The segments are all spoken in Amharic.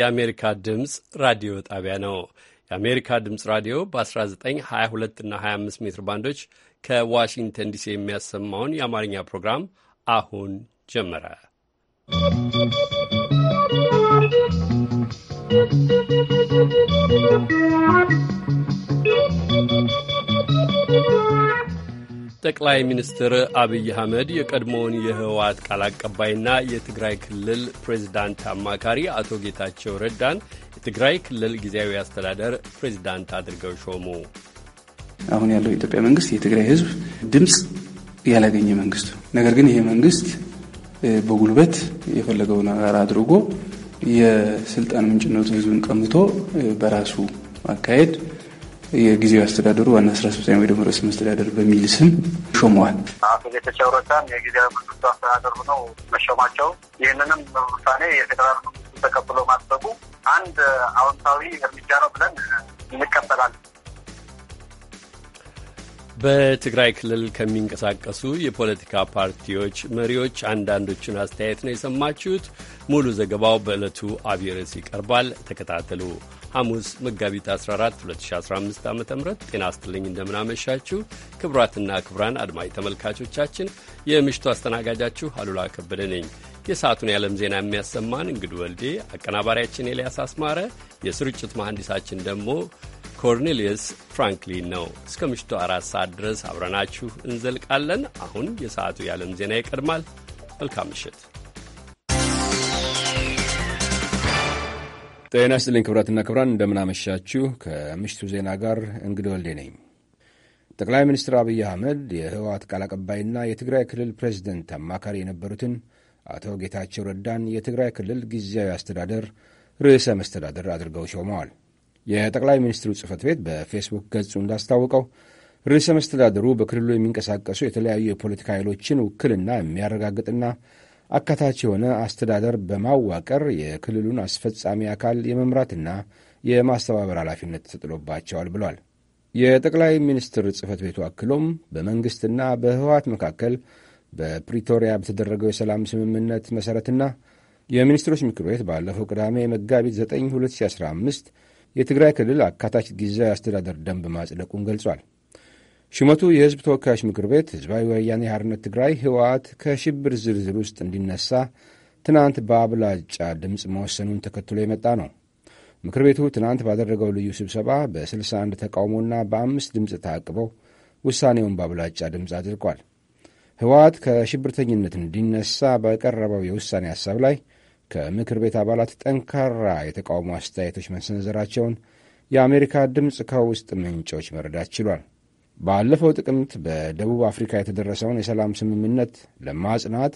የአሜሪካ ድምፅ ራዲዮ ጣቢያ ነው። የአሜሪካ ድምፅ ራዲዮ በ1922 እና 25 ሜትር ባንዶች ከዋሽንግተን ዲሲ የሚያሰማውን የአማርኛ ፕሮግራም አሁን ጀመረ። ¶¶ ጠቅላይ ሚኒስትር አብይ አህመድ የቀድሞውን የህወሓት ቃል አቀባይና የትግራይ ክልል ፕሬዚዳንት አማካሪ አቶ ጌታቸው ረዳን የትግራይ ክልል ጊዜያዊ አስተዳደር ፕሬዚዳንት አድርገው ሾሙ። አሁን ያለው የኢትዮጵያ መንግስት የትግራይ ህዝብ ድምፅ ያላገኘ መንግስት ነው። ነገር ግን ይሄ መንግስት በጉልበት የፈለገው ነገር አድርጎ የስልጣን ምንጭነቱ ህዝብን ቀምቶ በራሱ አካሄድ የጊዜው አስተዳደሩ ዋና ስራ አስፈጻሚ ወይ ደግሞ ርዕሰ መስተዳደር በሚል ስም ሾመዋል። አቶ ጌታቸው ረዳን የጊዜያዊ መንግስቱ አስተዳደር ሆነው መሾማቸው ይህንንም ውሳኔ የፌዴራል መንግስቱ ተቀብሎ ማሰቡ አንድ አዎንታዊ እርምጃ ነው ብለን እንቀበላለን። በትግራይ ክልል ከሚንቀሳቀሱ የፖለቲካ ፓርቲዎች መሪዎች አንዳንዶቹን አስተያየት ነው የሰማችሁት። ሙሉ ዘገባው በዕለቱ አብይ ርዕስ ይቀርባል። ተከታተሉ። ሐሙስ መጋቢት 14 2015 ዓ ም ጤና ይስጥልኝ እንደምናመሻችሁ ክቡራትና ክቡራን አድማጭ ተመልካቾቻችን የምሽቱ አስተናጋጃችሁ አሉላ ከበደ ነኝ። የሰዓቱን የዓለም ዜና የሚያሰማን እንግዱ ወልዴ፣ አቀናባሪያችን ኤልያስ አስማረ፣ የስርጭት መሐንዲሳችን ደግሞ ኮርኔሊየስ ፍራንክሊን ነው። እስከ ምሽቱ አራት ሰዓት ድረስ አብረናችሁ እንዘልቃለን። አሁን የሰዓቱ የዓለም ዜና ይቀድማል። መልካም ምሽት። ጤና ይስጥልኝ ክብራትና ክብራን፣ እንደምናመሻችሁ። ከምሽቱ ዜና ጋር እንግዳ ወልዴ ነኝ። ጠቅላይ ሚኒስትር አብይ አህመድ የህወሓት ቃል አቀባይና የትግራይ ክልል ፕሬዚደንት አማካሪ የነበሩትን አቶ ጌታቸው ረዳን የትግራይ ክልል ጊዜያዊ አስተዳደር ርዕሰ መስተዳደር አድርገው ሾመዋል። የጠቅላይ ሚኒስትሩ ጽህፈት ቤት በፌስቡክ ገጹ እንዳስታወቀው ርዕሰ መስተዳድሩ በክልሉ የሚንቀሳቀሱ የተለያዩ የፖለቲካ ኃይሎችን ውክልና የሚያረጋግጥና አካታች የሆነ አስተዳደር በማዋቀር የክልሉን አስፈጻሚ አካል የመምራትና የማስተባበር ኃላፊነት ተጥሎባቸዋል ብሏል። የጠቅላይ ሚኒስትር ጽህፈት ቤቱ አክሎም በመንግሥትና በህወሓት መካከል በፕሪቶሪያ በተደረገው የሰላም ስምምነት መሠረትና የሚኒስትሮች ምክር ቤት ባለፈው ቅዳሜ መጋቢት 9 2015 የትግራይ ክልል አካታች ጊዜያዊ አስተዳደር ደንብ ማጽደቁን ገልጿል። ሹመቱ የህዝብ ተወካዮች ምክር ቤት ህዝባዊ ወያኔ ሓርነት ትግራይ ህወሓት ከሽብር ዝርዝር ውስጥ እንዲነሳ ትናንት በአብላጫ ድምፅ መወሰኑን ተከትሎ የመጣ ነው። ምክር ቤቱ ትናንት ባደረገው ልዩ ስብሰባ በ61 ተቃውሞና በአምስት ድምፅ ተአቅበው ውሳኔውን በአብላጫ ድምፅ አድርጓል። ህወሓት ከሽብርተኝነት እንዲነሳ በቀረበው የውሳኔ ሐሳብ ላይ ከምክር ቤት አባላት ጠንካራ የተቃውሞ አስተያየቶች መሰንዘራቸውን የአሜሪካ ድምፅ ከውስጥ ምንጮች መረዳት ችሏል። ባለፈው ጥቅምት በደቡብ አፍሪካ የተደረሰውን የሰላም ስምምነት ለማጽናት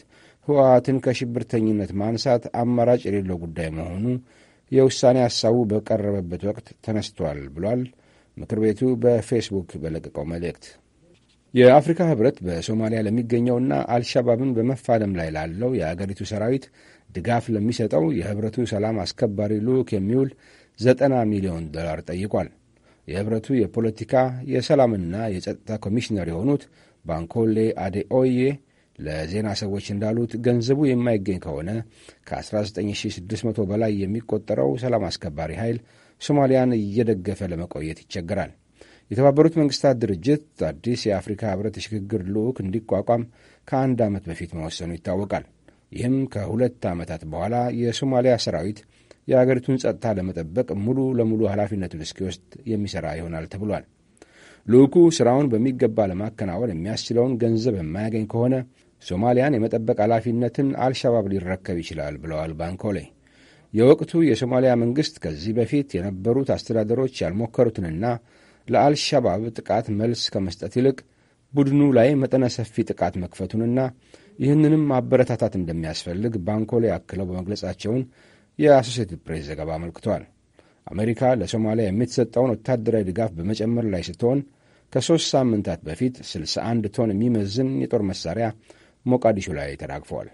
ህወሓትን ከሽብርተኝነት ማንሳት አማራጭ የሌለው ጉዳይ መሆኑ የውሳኔ ሐሳቡ በቀረበበት ወቅት ተነስቷል ብሏል ምክር ቤቱ በፌስቡክ በለቀቀው መልእክት። የአፍሪካ ህብረት በሶማሊያ ለሚገኘውና አልሻባብን በመፋለም ላይ ላለው የአገሪቱ ሰራዊት ድጋፍ ለሚሰጠው የህብረቱ ሰላም አስከባሪ ልዑክ የሚውል ዘጠና ሚሊዮን ዶላር ጠይቋል። የህብረቱ የፖለቲካ የሰላምና የጸጥታ ኮሚሽነር የሆኑት ባንኮሌ አዴኦዬ ለዜና ሰዎች እንዳሉት ገንዘቡ የማይገኝ ከሆነ ከ19600 በላይ የሚቆጠረው ሰላም አስከባሪ ኃይል ሶማሊያን እየደገፈ ለመቆየት ይቸግራል። የተባበሩት መንግስታት ድርጅት አዲስ የአፍሪካ ህብረት የሽግግር ልዑክ እንዲቋቋም ከአንድ ዓመት በፊት መወሰኑ ይታወቃል። ይህም ከሁለት ዓመታት በኋላ የሶማሊያ ሰራዊት የአገሪቱን ጸጥታ ለመጠበቅ ሙሉ ለሙሉ ኃላፊነቱን እስኪወስድ የሚሠራ ይሆናል ተብሏል። ልዑኩ ሥራውን በሚገባ ለማከናወን የሚያስችለውን ገንዘብ የማያገኝ ከሆነ ሶማሊያን የመጠበቅ ኃላፊነትን አልሻባብ ሊረከብ ይችላል ብለዋል ባንኮሌ። የወቅቱ የሶማሊያ መንግሥት ከዚህ በፊት የነበሩት አስተዳደሮች ያልሞከሩትንና ለአልሻባብ ጥቃት መልስ ከመስጠት ይልቅ ቡድኑ ላይ መጠነ ሰፊ ጥቃት መክፈቱንና ይህንንም ማበረታታት እንደሚያስፈልግ ባንኮሌ አክለው በመግለጻቸውን የአሶሴትድ ፕሬስ ዘገባ አመልክቷል። አሜሪካ ለሶማሊያ የምትሰጠውን ወታደራዊ ድጋፍ በመጨመር ላይ ስትሆን ከሦስት ሳምንታት በፊት 61 ቶን የሚመዝን የጦር መሳሪያ ሞቃዲሾ ላይ ተራግፈዋል።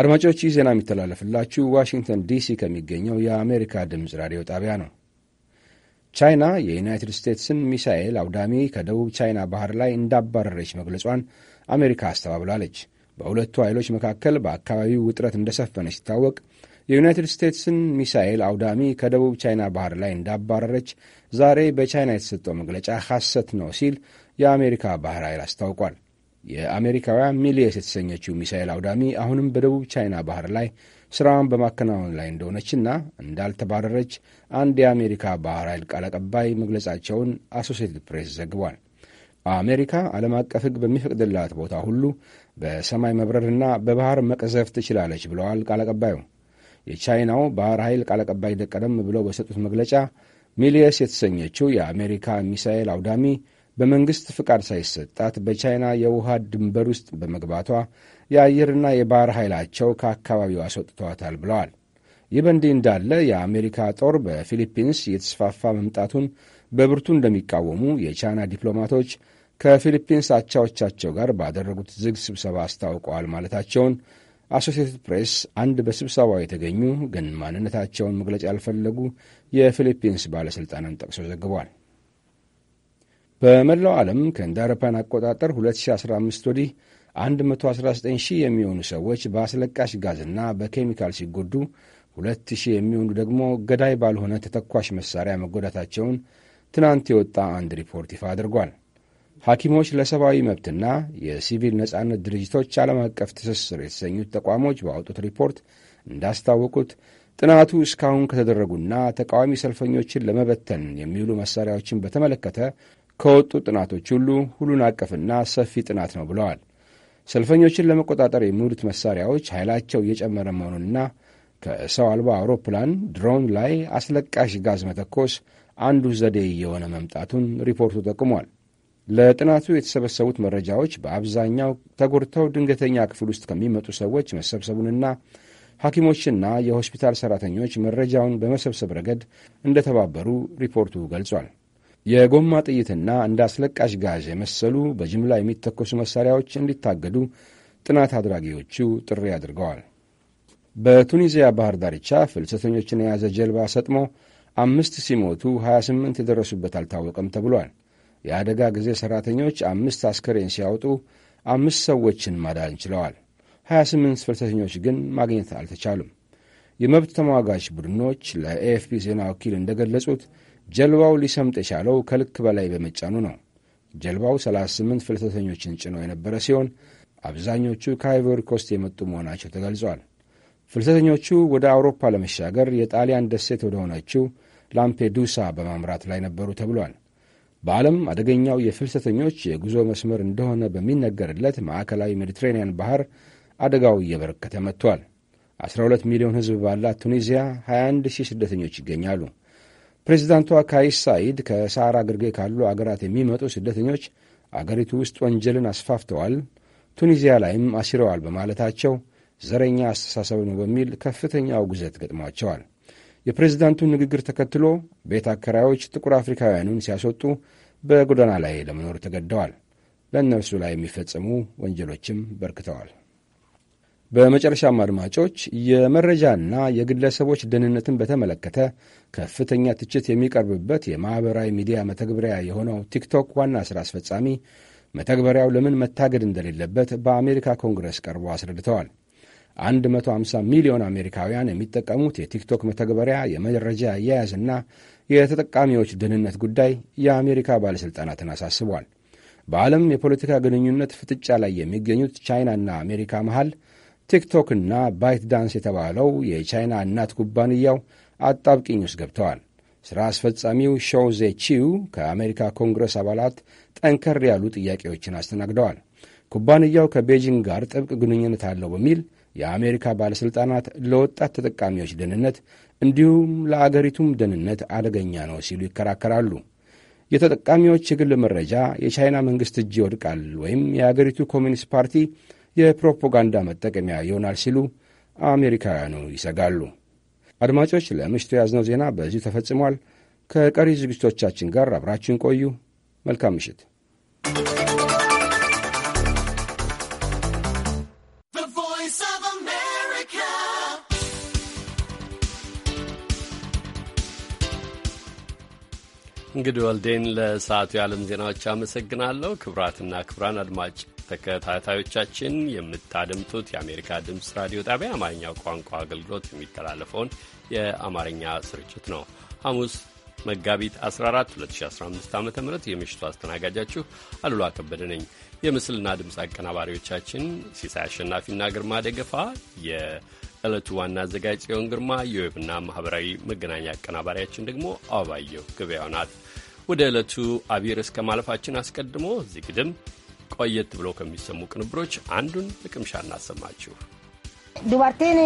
አድማጮች ይህ ዜና የሚተላለፍላችሁ ዋሽንግተን ዲሲ ከሚገኘው የአሜሪካ ድምፅ ራዲዮ ጣቢያ ነው። ቻይና የዩናይትድ ስቴትስን ሚሳኤል አውዳሚ ከደቡብ ቻይና ባህር ላይ እንዳባረረች መግለጿን አሜሪካ አስተባብላለች። በሁለቱ ኃይሎች መካከል በአካባቢው ውጥረት እንደሰፈነ ሲታወቅ የዩናይትድ ስቴትስን ሚሳኤል አውዳሚ ከደቡብ ቻይና ባህር ላይ እንዳባረረች ዛሬ በቻይና የተሰጠው መግለጫ ሐሰት ነው ሲል የአሜሪካ ባህር ኃይል አስታውቋል። የአሜሪካውያን ሚሊየስ የተሰኘችው ሚሳኤል አውዳሚ አሁንም በደቡብ ቻይና ባህር ላይ ሥራውን በማከናወን ላይ እንደሆነችና እንዳልተባረረች አንድ የአሜሪካ ባህር ኃይል ቃል አቀባይ መግለጻቸውን አሶሴትድ ፕሬስ ዘግቧል። አሜሪካ ዓለም አቀፍ ሕግ በሚፈቅድላት ቦታ ሁሉ በሰማይ መብረርና በባህር መቀዘፍ ትችላለች ብለዋል ቃል አቀባዩ። የቻይናው ባህር ኃይል ቃል አቀባይ ደቀደም ብለው በሰጡት መግለጫ ሚሊየስ የተሰኘችው የአሜሪካ ሚሳኤል አውዳሚ በመንግሥት ፍቃድ ሳይሰጣት በቻይና የውሃ ድንበር ውስጥ በመግባቷ የአየርና የባህር ኃይላቸው ከአካባቢው አስወጥተዋታል ብለዋል። ይህ በእንዲህ እንዳለ የአሜሪካ ጦር በፊሊፒንስ የተስፋፋ መምጣቱን በብርቱ እንደሚቃወሙ የቻይና ዲፕሎማቶች ከፊሊፒንስ አቻዎቻቸው ጋር ባደረጉት ዝግ ስብሰባ አስታውቀዋል ማለታቸውን አሶሲየትድ ፕሬስ አንድ በስብሰባው የተገኙ ግን ማንነታቸውን መግለጽ ያልፈለጉ የፊሊፒንስ ባለሥልጣንን ጠቅሶ ዘግቧል። በመላው ዓለም ከእንደ አውሮፓውያን አቆጣጠር 2015 ወዲህ 119 ሺህ የሚሆኑ ሰዎች በአስለቃሽ ጋዝና በኬሚካል ሲጎዱ 2 የሚሆኑ ደግሞ ገዳይ ባልሆነ ተተኳሽ መሣሪያ መጎዳታቸውን ትናንት የወጣ አንድ ሪፖርት ይፋ አድርጓል። ሐኪሞች ለሰብአዊ መብትና የሲቪል ነጻነት ድርጅቶች ዓለም አቀፍ ትስስር የተሰኙት ተቋሞች ባወጡት ሪፖርት እንዳስታወቁት ጥናቱ እስካሁን ከተደረጉና ተቃዋሚ ሰልፈኞችን ለመበተን የሚውሉ መሣሪያዎችን በተመለከተ ከወጡ ጥናቶች ሁሉ ሁሉን አቀፍና ሰፊ ጥናት ነው ብለዋል። ሰልፈኞችን ለመቆጣጠር የሚውሉት መሣሪያዎች ኃይላቸው እየጨመረ መሆኑንና ከሰው አልባ አውሮፕላን ድሮን ላይ አስለቃሽ ጋዝ መተኮስ አንዱ ዘዴ እየሆነ መምጣቱን ሪፖርቱ ጠቁሟል። ለጥናቱ የተሰበሰቡት መረጃዎች በአብዛኛው ተጎድተው ድንገተኛ ክፍል ውስጥ ከሚመጡ ሰዎች መሰብሰቡንና ሐኪሞችና የሆስፒታል ሠራተኞች መረጃውን በመሰብሰብ ረገድ እንደተባበሩ ሪፖርቱ ገልጿል። የጎማ ጥይትና እንደ አስለቃሽ ጋዝ የመሰሉ በጅምላ የሚተኮሱ መሣሪያዎች እንዲታገዱ ጥናት አድራጊዎቹ ጥሪ አድርገዋል። በቱኒዚያ ባህር ዳርቻ ፍልሰተኞችን የያዘ ጀልባ ሰጥሞ አምስት ሲሞቱ 28 የደረሱበት አልታወቀም ተብሏል። የአደጋ ጊዜ ሠራተኞች አምስት አስከሬን ሲያወጡ አምስት ሰዎችን ማዳን ችለዋል። 28 ፍልሰተኞች ግን ማግኘት አልተቻሉም። የመብት ተሟጋች ቡድኖች ለኤኤፍፒ ዜና ወኪል እንደገለጹት ጀልባው ሊሰምጥ የቻለው ከልክ በላይ በመጫኑ ነው። ጀልባው 38 ፍልሰተኞችን ጭኖ የነበረ ሲሆን አብዛኞቹ ከአይቮሪ ኮስት የመጡ መሆናቸው ተገልጿል። ፍልሰተኞቹ ወደ አውሮፓ ለመሻገር የጣሊያን ደሴት ወደሆነችው ላምፔዱሳ በማምራት ላይ ነበሩ ተብሏል። በዓለም አደገኛው የፍልሰተኞች የጉዞ መስመር እንደሆነ በሚነገርለት ማዕከላዊ ሜዲትሬንያን ባህር አደጋው እየበረከተ መጥቷል። 12 ሚሊዮን ሕዝብ ባላት ቱኒዚያ 21 ሺህ ስደተኞች ይገኛሉ። ፕሬዚዳንቷ ካይስ ሳይድ ከሳህራ ግርጌ ካሉ አገራት የሚመጡ ስደተኞች አገሪቱ ውስጥ ወንጀልን አስፋፍተዋል፣ ቱኒዚያ ላይም አሲረዋል በማለታቸው ዘረኛ አስተሳሰብ ነው በሚል ከፍተኛ ውግዘት ገጥሟቸዋል። የፕሬዚዳንቱን ንግግር ተከትሎ ቤት አከራዮች ጥቁር አፍሪካውያኑን ሲያስወጡ በጎዳና ላይ ለመኖር ተገደዋል። በእነርሱ ላይ የሚፈጸሙ ወንጀሎችም በርክተዋል። በመጨረሻም አድማጮች የመረጃና የግለሰቦች ደህንነትን በተመለከተ ከፍተኛ ትችት የሚቀርብበት የማኅበራዊ ሚዲያ መተግበሪያ የሆነው ቲክቶክ ዋና ሥራ አስፈጻሚ መተግበሪያው ለምን መታገድ እንደሌለበት በአሜሪካ ኮንግረስ ቀርቦ አስረድተዋል። 150 ሚሊዮን አሜሪካውያን የሚጠቀሙት የቲክቶክ መተግበሪያ የመረጃ አያያዝና የተጠቃሚዎች ደህንነት ጉዳይ የአሜሪካ ባለሥልጣናትን አሳስቧል። በዓለም የፖለቲካ ግንኙነት ፍጥጫ ላይ የሚገኙት ቻይናና አሜሪካ መሃል ቲክቶክና ባይት ዳንስ የተባለው የቻይና እናት ኩባንያው አጣብቂኝ ውስጥ ገብተዋል። ሥራ አስፈጻሚው ሾው ቺው ከአሜሪካ ኮንግረስ አባላት ጠንከር ያሉ ጥያቄዎችን አስተናግደዋል። ኩባንያው ከቤጂንግ ጋር ጥብቅ ግንኙነት አለው በሚል የአሜሪካ ባለሥልጣናት ለወጣት ተጠቃሚዎች ደህንነት እንዲሁም ለአገሪቱም ደህንነት አደገኛ ነው ሲሉ ይከራከራሉ። የተጠቃሚዎች የግል መረጃ የቻይና መንግሥት እጅ ይወድቃል ወይም የአገሪቱ ኮሚኒስት ፓርቲ የፕሮፓጋንዳ መጠቀሚያ ይሆናል ሲሉ አሜሪካውያኑ ይሰጋሉ። አድማጮች፣ ለምሽቱ የያዝነው ዜና በዚሁ ተፈጽሟል። ከቀሪ ዝግጅቶቻችን ጋር አብራችሁን ቆዩ። መልካም ምሽት። እንግዲህ ወልዴን ለሰዓቱ የዓለም ዜናዎች አመሰግናለሁ። ክቡራትና ክቡራን አድማጭ ተከታታዮቻችን የምታደምጡት የአሜሪካ ድምፅ ራዲዮ ጣቢያ የአማርኛ ቋንቋ አገልግሎት የሚተላለፈውን የአማርኛ ስርጭት ነው። ሐሙስ መጋቢት 14 2015 ዓ ም የምሽቱ አስተናጋጃችሁ አሉላ ከበደ ነኝ። የምስልና ድምፅ አቀናባሪዎቻችን ሲሳይ አሸናፊና ግርማ ደገፋ የዕለቱ ዋና አዘጋጅ ጽዮን ግርማ፣ የዌብና ማኅበራዊ መገናኛ አቀናባሪያችን ደግሞ አበባየሁ ገበያው ናት። ወደ ዕለቱ አቢር እስከ ማለፋችን አስቀድሞ እዚህ ግድም ቆየት ብሎ ከሚሰሙ ቅንብሮች አንዱን ጥቅምሻ እናሰማችሁ። ዱባርቲን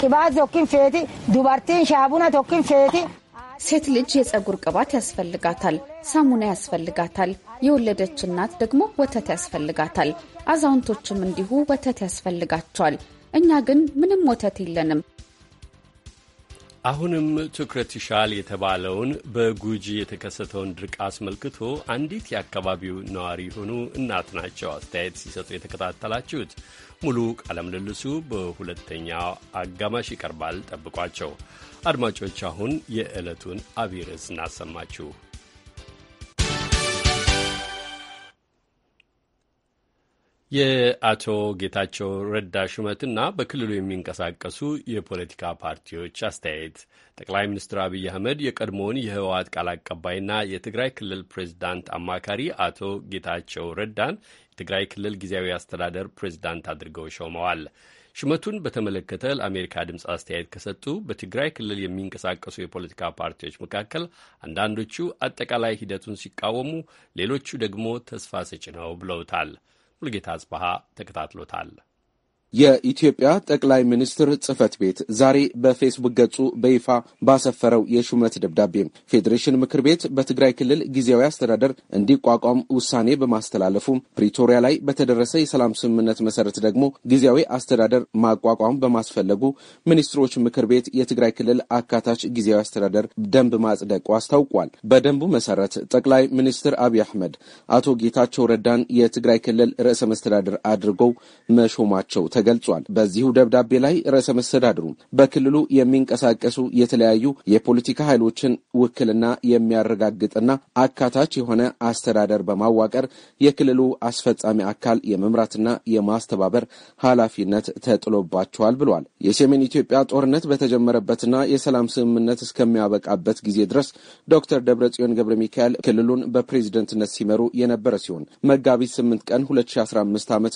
ቅባት ቶኪን ፌቲ ዱባርቲን ሻቡና ቶኪን ፌቲ ሴት ልጅ የፀጉር ቅባት ያስፈልጋታል፣ ሳሙና ያስፈልጋታል። የወለደች እናት ደግሞ ወተት ያስፈልጋታል። አዛውንቶችም እንዲሁ ወተት ያስፈልጋቸዋል። እኛ ግን ምንም ወተት የለንም። አሁንም ትኩረት ይሻል የተባለውን በጉጂ የተከሰተውን ድርቅ አስመልክቶ አንዲት የአካባቢው ነዋሪ የሆኑ እናት ናቸው አስተያየት ሲሰጡ የተከታተላችሁት። ሙሉ ቃለምልልሱ በሁለተኛው አጋማሽ ይቀርባል። ጠብቋቸው አድማጮች። አሁን የዕለቱን አብይ ርዕስ እናሰማችሁ። የአቶ ጌታቸው ረዳ ሹመትና በክልሉ የሚንቀሳቀሱ የፖለቲካ ፓርቲዎች አስተያየት። ጠቅላይ ሚኒስትር አብይ አህመድ የቀድሞውን የህወሓት ቃል አቀባይና የትግራይ ክልል ፕሬዚዳንት አማካሪ አቶ ጌታቸው ረዳን የትግራይ ክልል ጊዜያዊ አስተዳደር ፕሬዚዳንት አድርገው ሾመዋል። ሹመቱን በተመለከተ ለአሜሪካ ድምፅ አስተያየት ከሰጡ በትግራይ ክልል የሚንቀሳቀሱ የፖለቲካ ፓርቲዎች መካከል አንዳንዶቹ አጠቃላይ ሂደቱን ሲቃወሙ፣ ሌሎቹ ደግሞ ተስፋ ሰጭ ነው ብለውታል። ሙልጌታ አጽበሃ ተከታትሎታል። የኢትዮጵያ ጠቅላይ ሚኒስትር ጽህፈት ቤት ዛሬ በፌስቡክ ገጹ በይፋ ባሰፈረው የሹመት ደብዳቤ ፌዴሬሽን ምክር ቤት በትግራይ ክልል ጊዜያዊ አስተዳደር እንዲቋቋም ውሳኔ በማስተላለፉ ፕሪቶሪያ ላይ በተደረሰ የሰላም ስምምነት መሰረት ደግሞ ጊዜያዊ አስተዳደር ማቋቋም በማስፈለጉ ሚኒስትሮች ምክር ቤት የትግራይ ክልል አካታች ጊዜያዊ አስተዳደር ደንብ ማጽደቁ አስታውቋል። በደንቡ መሰረት ጠቅላይ ሚኒስትር አብይ አህመድ አቶ ጌታቸው ረዳን የትግራይ ክልል ርዕሰ መስተዳደር አድርገው መሾማቸው ተገልጿል። በዚሁ ደብዳቤ ላይ ርዕሰ መስተዳድሩ በክልሉ የሚንቀሳቀሱ የተለያዩ የፖለቲካ ኃይሎችን ውክልና የሚያረጋግጥና አካታች የሆነ አስተዳደር በማዋቀር የክልሉ አስፈጻሚ አካል የመምራትና የማስተባበር ኃላፊነት ተጥሎባቸዋል ብሏል። የሰሜን ኢትዮጵያ ጦርነት በተጀመረበትና የሰላም ስምምነት እስከሚያበቃበት ጊዜ ድረስ ዶክተር ደብረጽዮን ገብረ ሚካኤል ክልሉን በፕሬዝደንትነት ሲመሩ የነበረ ሲሆን መጋቢት 8 ቀን 2015 ዓ ም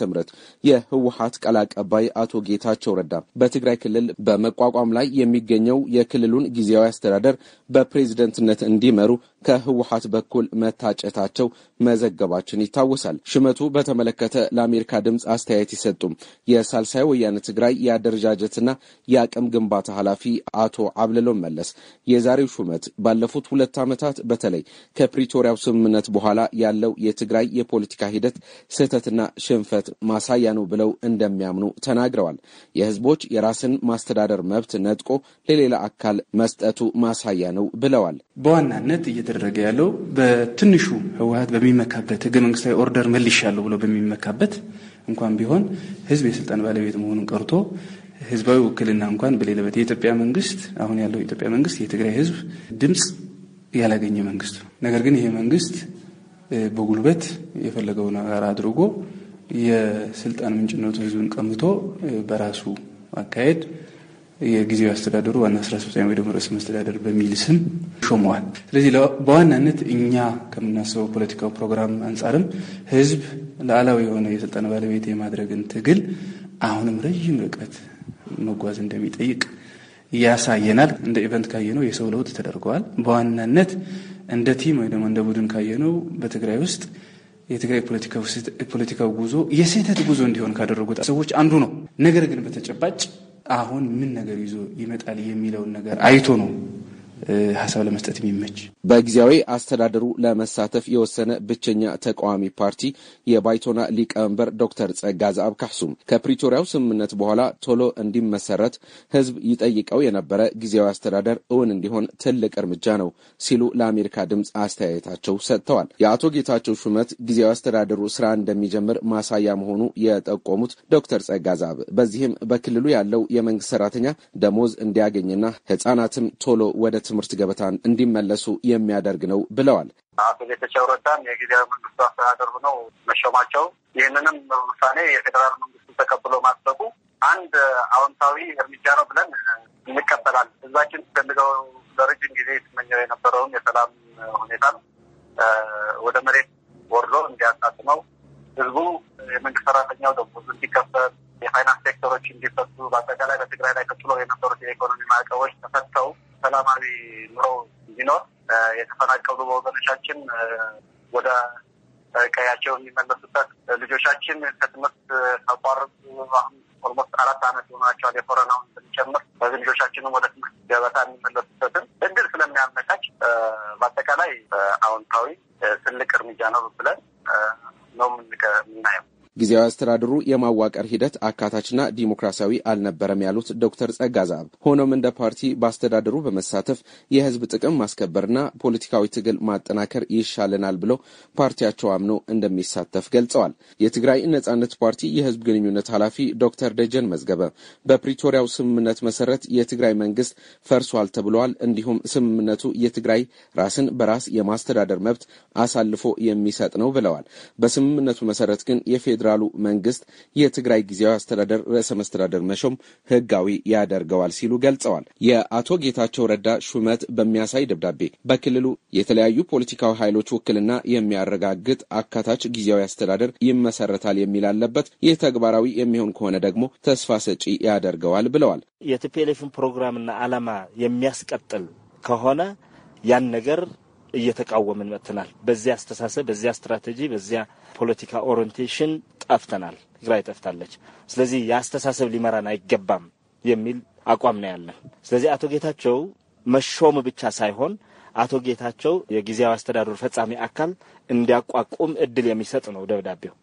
የህወሀት ቀላቀ አቀባይ አቶ ጌታቸው ረዳ በትግራይ ክልል በመቋቋም ላይ የሚገኘው የክልሉን ጊዜያዊ አስተዳደር በፕሬዝደንትነት እንዲመሩ ከህወሀት በኩል መታጨታቸው መዘገባችን ይታወሳል። ሽመቱ በተመለከተ ለአሜሪካ ድምፅ አስተያየት ይሰጡም የሳልሳይ ወያነ ትግራይ የአደረጃጀትና የአቅም ግንባታ ኃላፊ አቶ አብልሎ መለስ የዛሬው ሹመት ባለፉት ሁለት ዓመታት በተለይ ከፕሪቶሪያው ስምምነት በኋላ ያለው የትግራይ የፖለቲካ ሂደት ስህተትና ሽንፈት ማሳያ ነው ብለው እንደሚያምኑ ተናግረዋል። የህዝቦች የራስን ማስተዳደር መብት ነጥቆ ለሌላ አካል መስጠቱ ማሳያ ነው ብለዋል። በዋናነት እየተደረገ ያለው በትንሹ ህወሀት በሚመካበት ህገ መንግስታዊ ኦርደር መልሻለሁ ብሎ በሚመካበት እንኳን ቢሆን ህዝብ የስልጣን ባለቤት መሆኑን ቀርቶ ህዝባዊ ውክልና እንኳን በሌለበት የኢትዮጵያ መንግስት አሁን ያለው የኢትዮጵያ መንግስት የትግራይ ህዝብ ድምፅ ያላገኘ መንግስት ነው። ነገር ግን ይሄ መንግስት በጉልበት የፈለገው ነገር አድርጎ የስልጣን ምንጭነቱ ህዝብን ቀምቶ በራሱ አካሄድ የጊዜ አስተዳደሩ ዋና ስራ አስፈጻሚ ወይ ደግሞ ርዕሰ መስተዳደር በሚል ስም ሾመዋል። ስለዚህ በዋናነት እኛ ከምናስበው ፖለቲካው ፕሮግራም አንጻርም ህዝብ ሉዓላዊ የሆነ የስልጣን ባለቤት የማድረግን ትግል አሁንም ረዥም ርቀት መጓዝ እንደሚጠይቅ ያሳየናል። እንደ ኢቨንት ካየነው የሰው ለውጥ ተደርገዋል። በዋናነት እንደ ቲም ወይ ደግሞ እንደ ቡድን ካየነው በትግራይ ውስጥ የትግራይ ፖለቲካው ጉዞ የስህተት ጉዞ እንዲሆን ካደረጉት ሰዎች አንዱ ነው። ነገር ግን በተጨባጭ አሁን ምን ነገር ይዞ ይመጣል የሚለውን ነገር አይቶ ነው ሀሳብ ለመስጠት የሚመች በጊዜያዊ አስተዳደሩ ለመሳተፍ የወሰነ ብቸኛ ተቃዋሚ ፓርቲ የባይቶና ሊቀመንበር ዶክተር ጸጋ ዛአብ ካሕሱም ከፕሪቶሪያው ስምምነት በኋላ ቶሎ እንዲመሰረት ህዝብ ይጠይቀው የነበረ ጊዜያዊ አስተዳደር እውን እንዲሆን ትልቅ እርምጃ ነው ሲሉ ለአሜሪካ ድምፅ አስተያየታቸው ሰጥተዋል። የአቶ ጌታቸው ሹመት ጊዜያዊ አስተዳደሩ ስራ እንደሚጀምር ማሳያ መሆኑ የጠቆሙት ዶክተር ጸጋ ዛብ በዚህም በክልሉ ያለው የመንግስት ሰራተኛ ደሞዝ እንዲያገኝና ህጻናትም ቶሎ ወደ ትምህርት ገበታን እንዲመለሱ የሚያደርግ ነው ብለዋል። አቶ ጌታቸው ረዳን የጊዜያዊ መንግስቱ አስተዳደር ሆነው መሾማቸው ይህንንም ውሳኔ የፌዴራል መንግስቱ ተቀብሎ ማስበቡ አንድ አዎንታዊ እርምጃ ነው ብለን እንቀበላል። ህዝባችን ፈልገው ለረጅም ጊዜ የተመኘው የነበረውን የሰላም ሁኔታ ወደ መሬት ወርዶ እንዲያሳትመው ህዝቡ የመንግስት ሰራተኛው ደሞዙ እንዲከፈል የፋይናንስ ሴክተሮች እንዲፈቱ፣ በአጠቃላይ በትግራይ ላይ ተጥሎ የነበሩት የኢኮኖሚ ማዕቀቦች ተፈተው ሰላማዊ ኑሮ እንዲኖር የተፈናቀሉ ወገኖቻችን ወደ ቀያቸው የሚመለሱበት ልጆቻችን ከትምህርት ተቋርጡ አሁን ኦልሞስት አራት አመት የሆናቸዋል የኮረናውን ስንጨምር በዚህ ልጆቻችንም ወደ ትምህርት ገበታ የሚመለሱበትን እድል ስለሚያመቻች በአጠቃላይ አዎንታዊ ትልቅ እርምጃ ነው ብለን ነው የምናየው። ጊዜያዊ አስተዳደሩ የማዋቀር ሂደት አካታችና ዲሞክራሲያዊ አልነበረም ያሉት ዶክተር ጸጋዛብ ሆኖም እንደ ፓርቲ በአስተዳደሩ በመሳተፍ የህዝብ ጥቅም ማስከበርና ፖለቲካዊ ትግል ማጠናከር ይሻለናል ብለው ፓርቲያቸው አምኖ እንደሚሳተፍ ገልጸዋል። የትግራይ ነጻነት ፓርቲ የህዝብ ግንኙነት ኃላፊ ዶክተር ደጀን መዝገበ በፕሪቶሪያው ስምምነት መሰረት የትግራይ መንግስት ፈርሷል ተብለዋል። እንዲሁም ስምምነቱ የትግራይ ራስን በራስ የማስተዳደር መብት አሳልፎ የሚሰጥ ነው ብለዋል። በስምምነቱ መሰረት ግን የፌደ የፌዴራሉ መንግስት የትግራይ ጊዜያዊ አስተዳደር ርዕሰ መስተዳደር መሾም ህጋዊ ያደርገዋል ሲሉ ገልጸዋል። የአቶ ጌታቸው ረዳ ሹመት በሚያሳይ ደብዳቤ በክልሉ የተለያዩ ፖለቲካዊ ኃይሎች ውክልና የሚያረጋግጥ አካታች ጊዜያዊ አስተዳደር ይመሰረታል የሚል አለበት። ይህ ተግባራዊ የሚሆን ከሆነ ደግሞ ተስፋ ሰጪ ያደርገዋል ብለዋል። የቲፒኤልኤፍን ፕሮግራምና ዓላማ የሚያስቀጥል ከሆነ ያን ነገር እየተቃወምን መጥተናል። በዚያ አስተሳሰብ፣ በዚያ ስትራቴጂ፣ በዚያ ፖለቲካ ኦሪንቴሽን ጠፍተናል። ትግራይ ጠፍታለች። ስለዚህ የአስተሳሰብ ሊመራን አይገባም የሚል አቋም ነው ያለን። ስለዚህ አቶ ጌታቸው መሾም ብቻ ሳይሆን አቶ ጌታቸው የጊዜያዊ አስተዳደሩ ፈጻሚ አካል እንዲያቋቁም እድል የሚሰጥ ነው ደብዳቤው።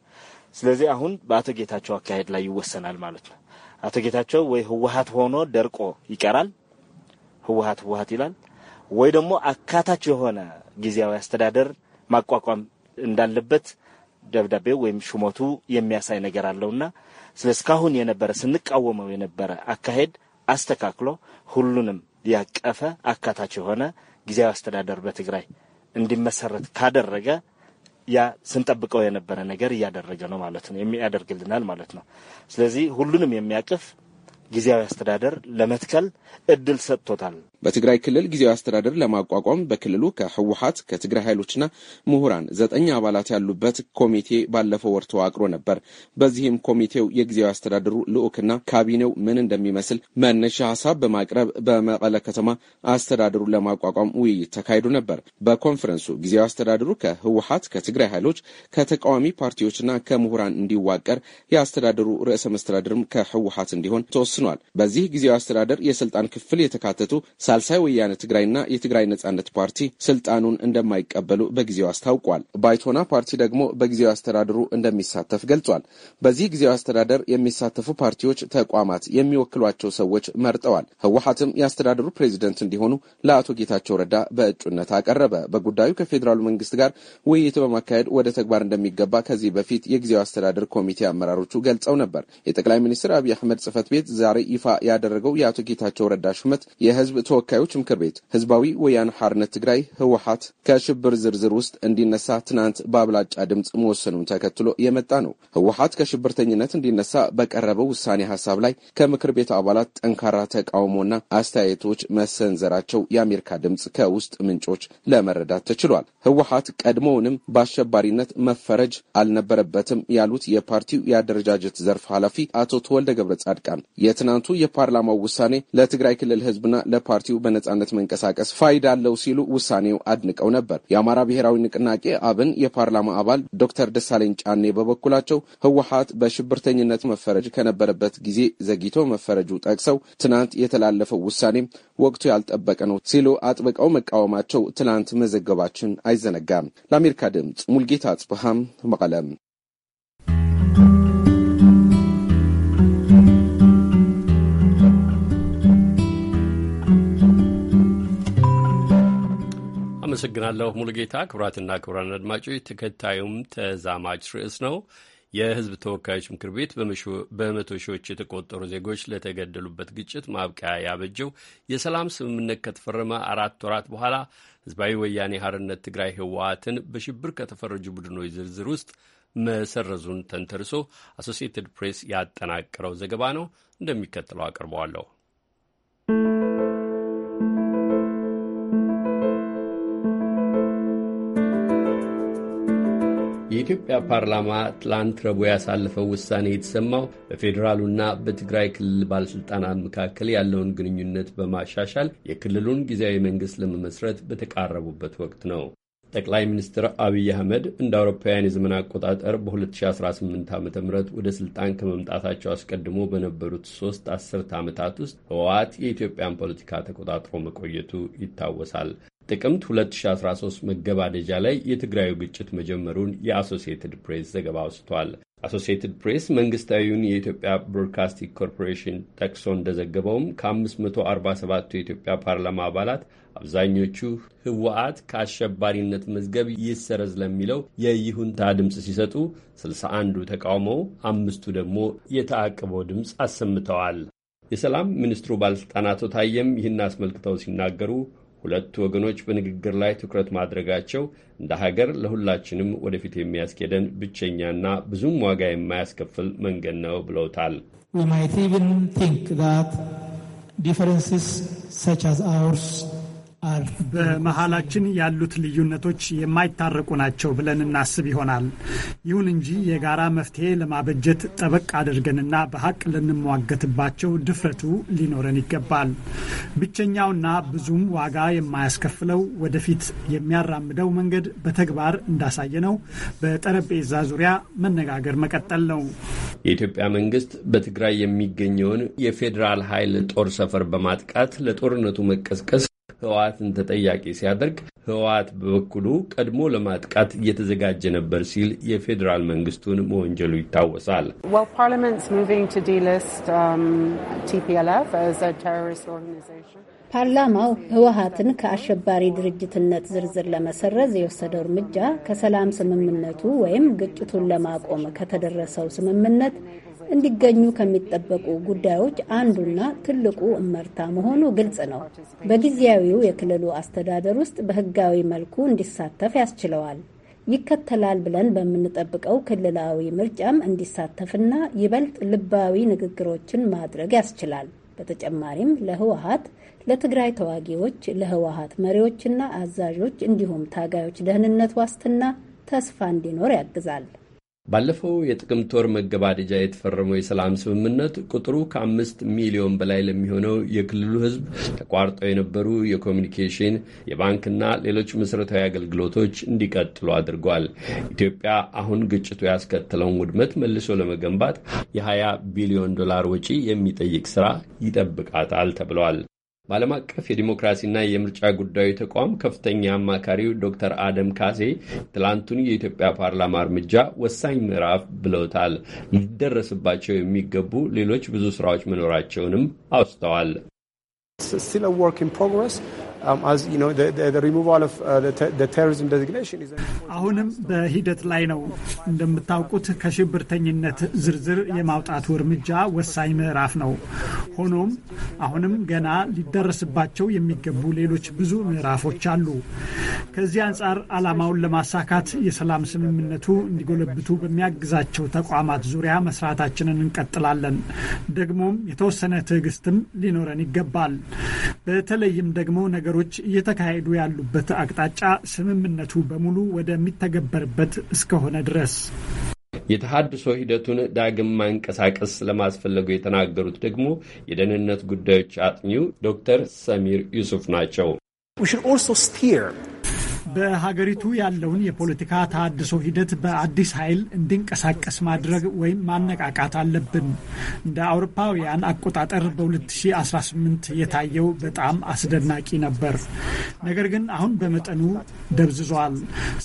ስለዚህ አሁን በአቶ ጌታቸው አካሄድ ላይ ይወሰናል ማለት ነው። አቶ ጌታቸው ወይ ህወሀት ሆኖ ደርቆ ይቀራል፣ ህወሀት ህወሀት ይላል፣ ወይ ደግሞ አካታች የሆነ ጊዜያዊ አስተዳደር ማቋቋም እንዳለበት ደብዳቤው ወይም ሹመቱ የሚያሳይ ነገር አለውና ስለ እስካሁን የነበረ ስንቃወመው የነበረ አካሄድ አስተካክሎ ሁሉንም ያቀፈ አካታች የሆነ ጊዜያዊ አስተዳደር በትግራይ እንዲመሰረት ካደረገ ያ ስንጠብቀው የነበረ ነገር እያደረገ ነው ማለት ነው፣ የሚያደርግልናል ማለት ነው። ስለዚህ ሁሉንም የሚያቅፍ ጊዜያዊ አስተዳደር ለመትከል እድል ሰጥቶታል። በትግራይ ክልል ጊዜያዊ አስተዳደር ለማቋቋም በክልሉ ከህወሀት ከትግራይ ኃይሎችና ምሁራን ዘጠኝ አባላት ያሉበት ኮሚቴ ባለፈው ወር ተዋቅሮ ነበር። በዚህም ኮሚቴው የጊዜያዊ አስተዳደሩ ልዑክና ካቢኔው ምን እንደሚመስል መነሻ ሀሳብ በማቅረብ በመቀለ ከተማ አስተዳደሩ ለማቋቋም ውይይት ተካሂዶ ነበር። በኮንፈረንሱ ጊዜያዊ አስተዳደሩ ከህወሀት ከትግራይ ኃይሎች ከተቃዋሚ ፓርቲዎችና ከምሁራን እንዲዋቀር የአስተዳደሩ ርዕሰ መስተዳድርም ከህወሀት እንዲሆን ተወስ ወስኗል። በዚህ ጊዜያዊ አስተዳደር የስልጣን ክፍል የተካተቱ ሳልሳይ ወያነ ትግራይና የትግራይ ነጻነት ፓርቲ ስልጣኑን እንደማይቀበሉ በጊዜው አስታውቋል። ባይቶና ፓርቲ ደግሞ በጊዜው አስተዳደሩ እንደሚሳተፍ ገልጿል። በዚህ ጊዜው አስተዳደር የሚሳተፉ ፓርቲዎች፣ ተቋማት የሚወክሏቸው ሰዎች መርጠዋል። ህወሀትም የአስተዳደሩ ፕሬዚደንት እንዲሆኑ ለአቶ ጌታቸው ረዳ በእጩነት አቀረበ። በጉዳዩ ከፌዴራሉ መንግስት ጋር ውይይት በማካሄድ ወደ ተግባር እንደሚገባ ከዚህ በፊት የጊዜው አስተዳደር ኮሚቴ አመራሮቹ ገልጸው ነበር። የጠቅላይ ሚኒስትር አብይ አህመድ ጽህፈት ቤት ዛሬ ይፋ ያደረገው የአቶ ጌታቸው ረዳ ሹመት የህዝብ ተወካዮች ምክር ቤት ህዝባዊ ወያነ ሐርነት ትግራይ ህወሀት ከሽብር ዝርዝር ውስጥ እንዲነሳ ትናንት በአብላጫ ድምፅ መወሰኑን ተከትሎ የመጣ ነው። ህወሀት ከሽብርተኝነት እንዲነሳ በቀረበው ውሳኔ ሀሳብ ላይ ከምክር ቤት አባላት ጠንካራ ተቃውሞና አስተያየቶች መሰንዘራቸው የአሜሪካ ድምፅ ከውስጥ ምንጮች ለመረዳት ተችሏል። ህወሀት ቀድሞውንም በአሸባሪነት መፈረጅ አልነበረበትም ያሉት የፓርቲው የአደረጃጀት ዘርፍ ኃላፊ አቶ ተወልደ ገብረ ጻድቃን የትናንቱ የፓርላማው ውሳኔ ለትግራይ ክልል ህዝብና ለፓርቲው በነጻነት መንቀሳቀስ ፋይዳ አለው ሲሉ ውሳኔው አድንቀው ነበር። የአማራ ብሔራዊ ንቅናቄ አብን የፓርላማ አባል ዶክተር ደሳለኝ ጫኔ በበኩላቸው ህወሀት በሽብርተኝነት መፈረጅ ከነበረበት ጊዜ ዘግይቶ መፈረጁ ጠቅሰው ትናንት የተላለፈው ውሳኔም ወቅቱ ያልጠበቀ ነው ሲሉ አጥብቀው መቃወማቸው ትናንት መዘገባችን አይዘነጋም። ለአሜሪካ ድምፅ ሙልጌታ አጽብሃም መቀለም አመሰግናለሁ ሙሉጌታ። ክቡራትና ክቡራን አድማጮች ተከታዩም ተዛማጅ ርዕስ ነው። የህዝብ ተወካዮች ምክር ቤት በመቶ ሺዎች የተቆጠሩ ዜጎች ለተገደሉበት ግጭት ማብቂያ ያበጀው የሰላም ስምምነት ከተፈረመ አራት ወራት በኋላ ህዝባዊ ወያኔ ሀርነት ትግራይ ህወሓትን በሽብር ከተፈረጁ ቡድኖች ዝርዝር ውስጥ መሰረዙን ተንተርሶ አሶሲኤትድ ፕሬስ ያጠናቀረው ዘገባ ነው። እንደሚከተለው አቅርበዋለሁ። የኢትዮጵያ ፓርላማ ትላንት ረቡዕ ያሳለፈው ውሳኔ የተሰማው በፌዴራሉና በትግራይ ክልል ባለሥልጣናት መካከል ያለውን ግንኙነት በማሻሻል የክልሉን ጊዜያዊ መንግሥት ለመመስረት በተቃረቡበት ወቅት ነው። ጠቅላይ ሚኒስትር አብይ አህመድ እንደ አውሮፓውያን የዘመን አቆጣጠር በ2018 ዓ ም ወደ ሥልጣን ከመምጣታቸው አስቀድሞ በነበሩት ሦስት አስርት ዓመታት ውስጥ ህወሓት የኢትዮጵያን ፖለቲካ ተቆጣጥሮ መቆየቱ ይታወሳል። ጥቅምት 2013 መገባደጃ ላይ የትግራዩ ግጭት መጀመሩን የአሶሲየትድ ፕሬስ ዘገባ አውስቷል። አሶሲየትድ ፕሬስ መንግስታዊውን የኢትዮጵያ ብሮድካስቲንግ ኮርፖሬሽን ጠቅሶ እንደዘገበውም ከ547ቱ የኢትዮጵያ ፓርላማ አባላት አብዛኞቹ ህወሓት ከአሸባሪነት መዝገብ ይሰረዝ ለሚለው የይሁንታ ድምፅ ሲሰጡ 61ዱ ተቃውመው አምስቱ ደግሞ የተአቅበው ድምፅ አሰምተዋል። የሰላም ሚኒስትሩ ባለሥልጣናት ታየም ይህን አስመልክተው ሲናገሩ ሁለቱ ወገኖች በንግግር ላይ ትኩረት ማድረጋቸው እንደ ሀገር ለሁላችንም ወደፊት የሚያስኬደን ብቸኛና ብዙም ዋጋ የማያስከፍል መንገድ ነው ብለውታል። ማይት ኢቭን ቲንክ ት ዲፈረንስስ ሰች አዝ አወርስ በመሃላችን ያሉት ልዩነቶች የማይታረቁ ናቸው ብለን እናስብ ይሆናል። ይሁን እንጂ የጋራ መፍትሄ ለማበጀት ጠበቅ አድርገንና በሀቅ ልንሟገትባቸው ድፍረቱ ሊኖረን ይገባል። ብቸኛውና ብዙም ዋጋ የማያስከፍለው ወደፊት የሚያራምደው መንገድ በተግባር እንዳሳየ ነው በጠረጴዛ ዙሪያ መነጋገር መቀጠል ነው። የኢትዮጵያ መንግስት በትግራይ የሚገኘውን የፌዴራል ኃይል ጦር ሰፈር በማጥቃት ለጦርነቱ መቀስቀስ ህወሓትን ተጠያቂ ሲያደርግ ህወሓት በበኩሉ ቀድሞ ለማጥቃት እየተዘጋጀ ነበር ሲል የፌዴራል መንግስቱን መወንጀሉ ይታወሳል። um, ፓርላማው ህወሓትን ከአሸባሪ ድርጅትነት ዝርዝር ለመሰረዝ የወሰደው እርምጃ ከሰላም ስምምነቱ ወይም ግጭቱን ለማቆም ከተደረሰው ስምምነት እንዲገኙ ከሚጠበቁ ጉዳዮች አንዱና ትልቁ እመርታ መሆኑ ግልጽ ነው። በጊዜያዊው የክልሉ አስተዳደር ውስጥ በህጋዊ መልኩ እንዲሳተፍ ያስችለዋል። ይከተላል ብለን በምንጠብቀው ክልላዊ ምርጫም እንዲሳተፍና ይበልጥ ልባዊ ንግግሮችን ማድረግ ያስችላል። በተጨማሪም ለህወሀት፣ ለትግራይ ተዋጊዎች፣ ለህወሀት መሪዎችና አዛዦች እንዲሁም ታጋዮች ደህንነት ዋስትና ተስፋ እንዲኖር ያግዛል። ባለፈው የጥቅምት ወር መገባደጃ የተፈረመው የሰላም ስምምነት ቁጥሩ ከአምስት ሚሊዮን በላይ ለሚሆነው የክልሉ ሕዝብ ተቋርጠው የነበሩ የኮሚኒኬሽን የባንክና ሌሎች መሠረታዊ አገልግሎቶች እንዲቀጥሉ አድርጓል። ኢትዮጵያ አሁን ግጭቱ ያስከተለውን ውድመት መልሶ ለመገንባት የ20 ቢሊዮን ዶላር ወጪ የሚጠይቅ ስራ ይጠብቃታል ተብሏል። በዓለም አቀፍ የዲሞክራሲና የምርጫ ጉዳዩ ተቋም ከፍተኛ አማካሪው ዶክተር አደም ካሴ ትላንቱን የኢትዮጵያ ፓርላማ እርምጃ ወሳኝ ምዕራፍ ብለውታል። ሊደረስባቸው የሚገቡ ሌሎች ብዙ ስራዎች መኖራቸውንም አውስተዋል። አሁንም በሂደት ላይ ነው። እንደምታውቁት ከሽብርተኝነት ዝርዝር የማውጣቱ እርምጃ ወሳኝ ምዕራፍ ነው። ሆኖም አሁንም ገና ሊደረስባቸው የሚገቡ ሌሎች ብዙ ምዕራፎች አሉ። ከዚህ አንጻር ዓላማውን ለማሳካት የሰላም ስምምነቱ እንዲጎለብቱ በሚያግዛቸው ተቋማት ዙሪያ መስራታችንን እንቀጥላለን። ደግሞም የተወሰነ ትዕግስትም ሊኖረን ይገባል። በተለይም ደግሞ ነገ ነገሮች እየተካሄዱ ያሉበት አቅጣጫ ስምምነቱ በሙሉ ወደሚተገበርበት እስከሆነ ድረስ የተሃድሶ ሂደቱን ዳግም ማንቀሳቀስ ለማስፈለጉ የተናገሩት ደግሞ የደህንነት ጉዳዮች አጥኚው ዶክተር ሰሚር ዩሱፍ ናቸው። በሀገሪቱ ያለውን የፖለቲካ ተሃድሶ ሂደት በአዲስ ኃይል እንዲንቀሳቀስ ማድረግ ወይም ማነቃቃት አለብን። እንደ አውሮፓውያን አቆጣጠር በ2018 የታየው በጣም አስደናቂ ነበር። ነገር ግን አሁን በመጠኑ ደብዝዟል።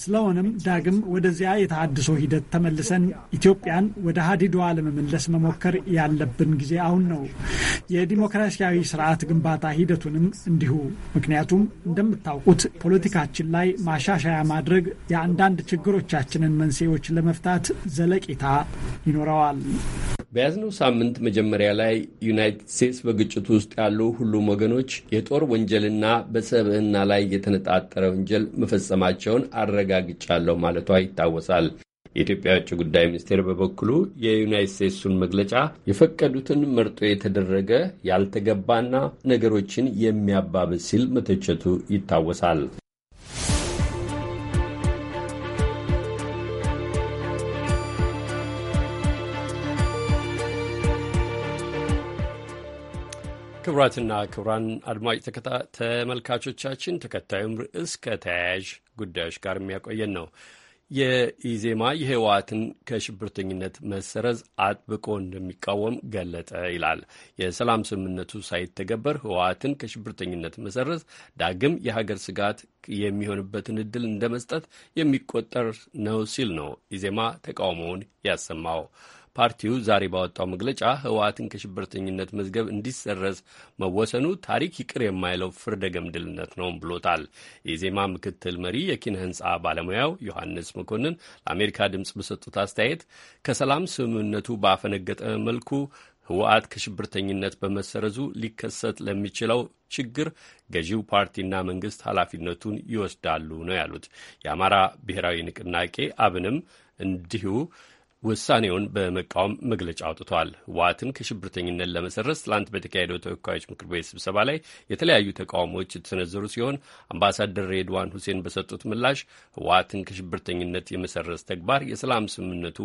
ስለሆነም ዳግም ወደዚያ የተሃድሶ ሂደት ተመልሰን ኢትዮጵያን ወደ ሀዲዷ ለመመለስ መሞከር ያለብን ጊዜ አሁን ነው። የዲሞክራሲያዊ ስርዓት ግንባታ ሂደቱንም እንዲሁ። ምክንያቱም እንደምታውቁት ፖለቲካችን ላይ ማሻሻያ ማድረግ የአንዳንድ ችግሮቻችንን መንስኤዎች ለመፍታት ዘለቂታ ይኖረዋል። በያዝነው ሳምንት መጀመሪያ ላይ ዩናይትድ ስቴትስ በግጭቱ ውስጥ ያሉ ሁሉም ወገኖች የጦር ወንጀልና በሰብዕና ላይ የተነጣጠረ ወንጀል መፈጸማቸውን አረጋግጫለሁ ማለቷ ይታወሳል። የኢትዮጵያ ውጭ ጉዳይ ሚኒስቴር በበኩሉ የዩናይት ስቴትሱን መግለጫ የፈቀዱትን መርጦ የተደረገ ያልተገባና ነገሮችን የሚያባብስ ሲል መተቸቱ ይታወሳል። ክቡራትና ክቡራን አድማጭ ተመልካቾቻችን ተከታዩም ርዕስ ከተያያዥ ጉዳዮች ጋር የሚያቆየን ነው። የኢዜማ የህወሓትን ከሽብርተኝነት መሰረዝ አጥብቆ እንደሚቃወም ገለጠ ይላል። የሰላም ስምምነቱ ሳይተገበር ህወሓትን ከሽብርተኝነት መሰረዝ ዳግም የሀገር ስጋት የሚሆንበትን እድል እንደ መስጠት የሚቆጠር ነው ሲል ነው ኢዜማ ተቃውሞውን ያሰማው። ፓርቲው ዛሬ ባወጣው መግለጫ ህወሓትን ከሽብርተኝነት መዝገብ እንዲሰረዝ መወሰኑ ታሪክ ይቅር የማይለው ፍርደ ገምድልነት ነው ብሎታል። የዜማ ምክትል መሪ የኪነ ህንፃ ባለሙያው ዮሐንስ መኮንን ለአሜሪካ ድምፅ በሰጡት አስተያየት ከሰላም ስምምነቱ ባፈነገጠ መልኩ ህወሓት ከሽብርተኝነት በመሰረዙ ሊከሰት ለሚችለው ችግር ገዢው ፓርቲና መንግስት ኃላፊነቱን ይወስዳሉ ነው ያሉት። የአማራ ብሔራዊ ንቅናቄ አብንም እንዲሁ ውሳኔውን በመቃወም መግለጫ አውጥቷል። ህወሓትን ከሽብርተኝነት ለመሰረስ ትላንት በተካሄደው ተወካዮች ምክር ቤት ስብሰባ ላይ የተለያዩ ተቃውሞዎች የተሰነዘሩ ሲሆን አምባሳደር ሬድዋን ሁሴን በሰጡት ምላሽ ህወሓትን ከሽብርተኝነት የመሰረስ ተግባር የሰላም ስምምነቱ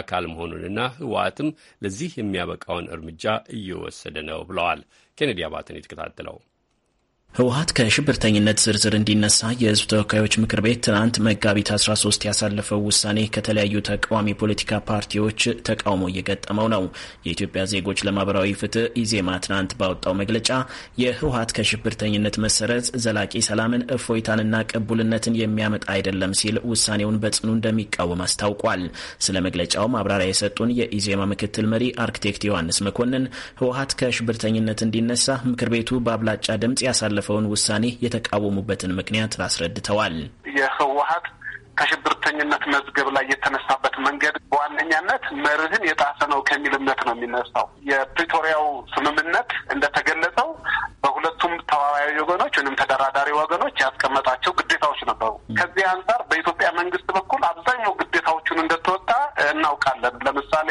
አካል መሆኑንና ህወሓትም ለዚህ የሚያበቃውን እርምጃ እየወሰደ ነው ብለዋል። ኬኔዲ አባትን የተከታተለው ህወሀት ከሽብርተኝነት ዝርዝር እንዲነሳ የህዝብ ተወካዮች ምክር ቤት ትናንት መጋቢት 13 ያሳለፈው ውሳኔ ከተለያዩ ተቃዋሚ ፖለቲካ ፓርቲዎች ተቃውሞ እየገጠመው ነው። የኢትዮጵያ ዜጎች ለማህበራዊ ፍትህ ኢዜማ ትናንት ባወጣው መግለጫ የህወሀት ከሽብርተኝነት መሰረዝ ዘላቂ ሰላምን፣ እፎይታንና ቅቡልነትን የሚያመጣ አይደለም ሲል ውሳኔውን በጽኑ እንደሚቃወም አስታውቋል። ስለ መግለጫው ማብራሪያ የሰጡን የኢዜማ ምክትል መሪ አርኪቴክት ዮሐንስ መኮንን ህወሀት ከሽብርተኝነት እንዲነሳ ምክር ቤቱ በአብላጫ ድምጽ ያሳለ ያሳለፈውን ውሳኔ የተቃወሙበትን ምክንያት አስረድተዋል። የህወሀት ከሽብርተኝነት መዝገብ ላይ የተነሳበት መንገድ በዋነኛነት መርህን የጣሰ ነው ከሚል እምነት ነው የሚነሳው። የፕሪቶሪያው ስምምነት እንደተገለጸው በሁለቱም ተባባሪ ወገኖች ወይም ተደራዳሪ ወገኖች ያስቀመጣቸው ግዴታዎች ነበሩ። ከዚህ አንጻር በኢትዮጵያ መንግስት በኩል አብዛኛው ግዴታዎቹን እንደተወጣ እናውቃለን። ለምሳሌ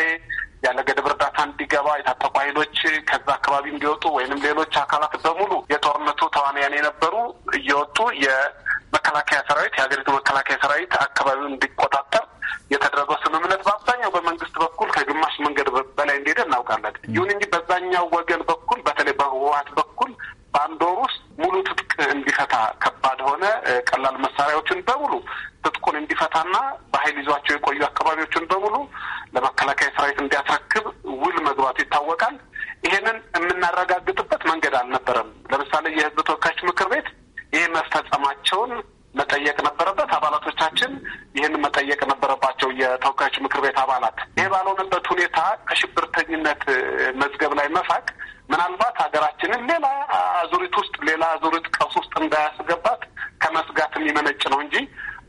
ያለ ገደብ እርዳታ እንዲገባ የታጠቁ ኃይሎች ከዛ አካባቢ እንዲወጡ ወይንም ሌሎች አካላት በሙሉ የጦርነቱ ተዋንያን የነበሩ እየወጡ የመከላከያ ሰራዊት የሀገሪቱ መከላከያ ሰራዊት አካባቢውን እንዲቆጣጠር የተደረገው ስምምነት በአብዛኛው በመንግስት በኩል ከግማሽ መንገድ በላይ እንደሄደ እናውቃለን። ይሁን እንጂ በዛኛው ወገን በኩል በተለይ በህወሀት በኩል በአንድ ወር ውስጥ ሙሉ ትጥቅ እንዲፈታ ከባድ ሆነ። ቀላል መሳሪያዎችን በሙሉ ትጥቁን እንዲፈታና በኃይል ይዟቸው የቆዩ አካባቢዎችን በሙሉ ለመከላከያ ሰራዊት እንዲያስረክብ ውል መግባቱ ይታወቃል። ይሄንን የምናረጋግጥበት መንገድ አልነበረም። ለምሳሌ የህዝብ ተወካዮች ምክር ቤት ይህ መፈጸማቸውን መጠየቅ ነበረበት። አባላቶቻችን ይህን መጠየቅ ነበረባቸው፣ የተወካዮች ምክር ቤት አባላት። ይሄ ባልሆነበት ሁኔታ ከሽብርተኝነት መዝገብ ላይ መፋቅ ምናልባት ሀገራችንን ሌላ ሌላ ዙርት ቀውስ ውስጥ እንዳያስገባት ከመስጋት የሚመነጭ ነው እንጂ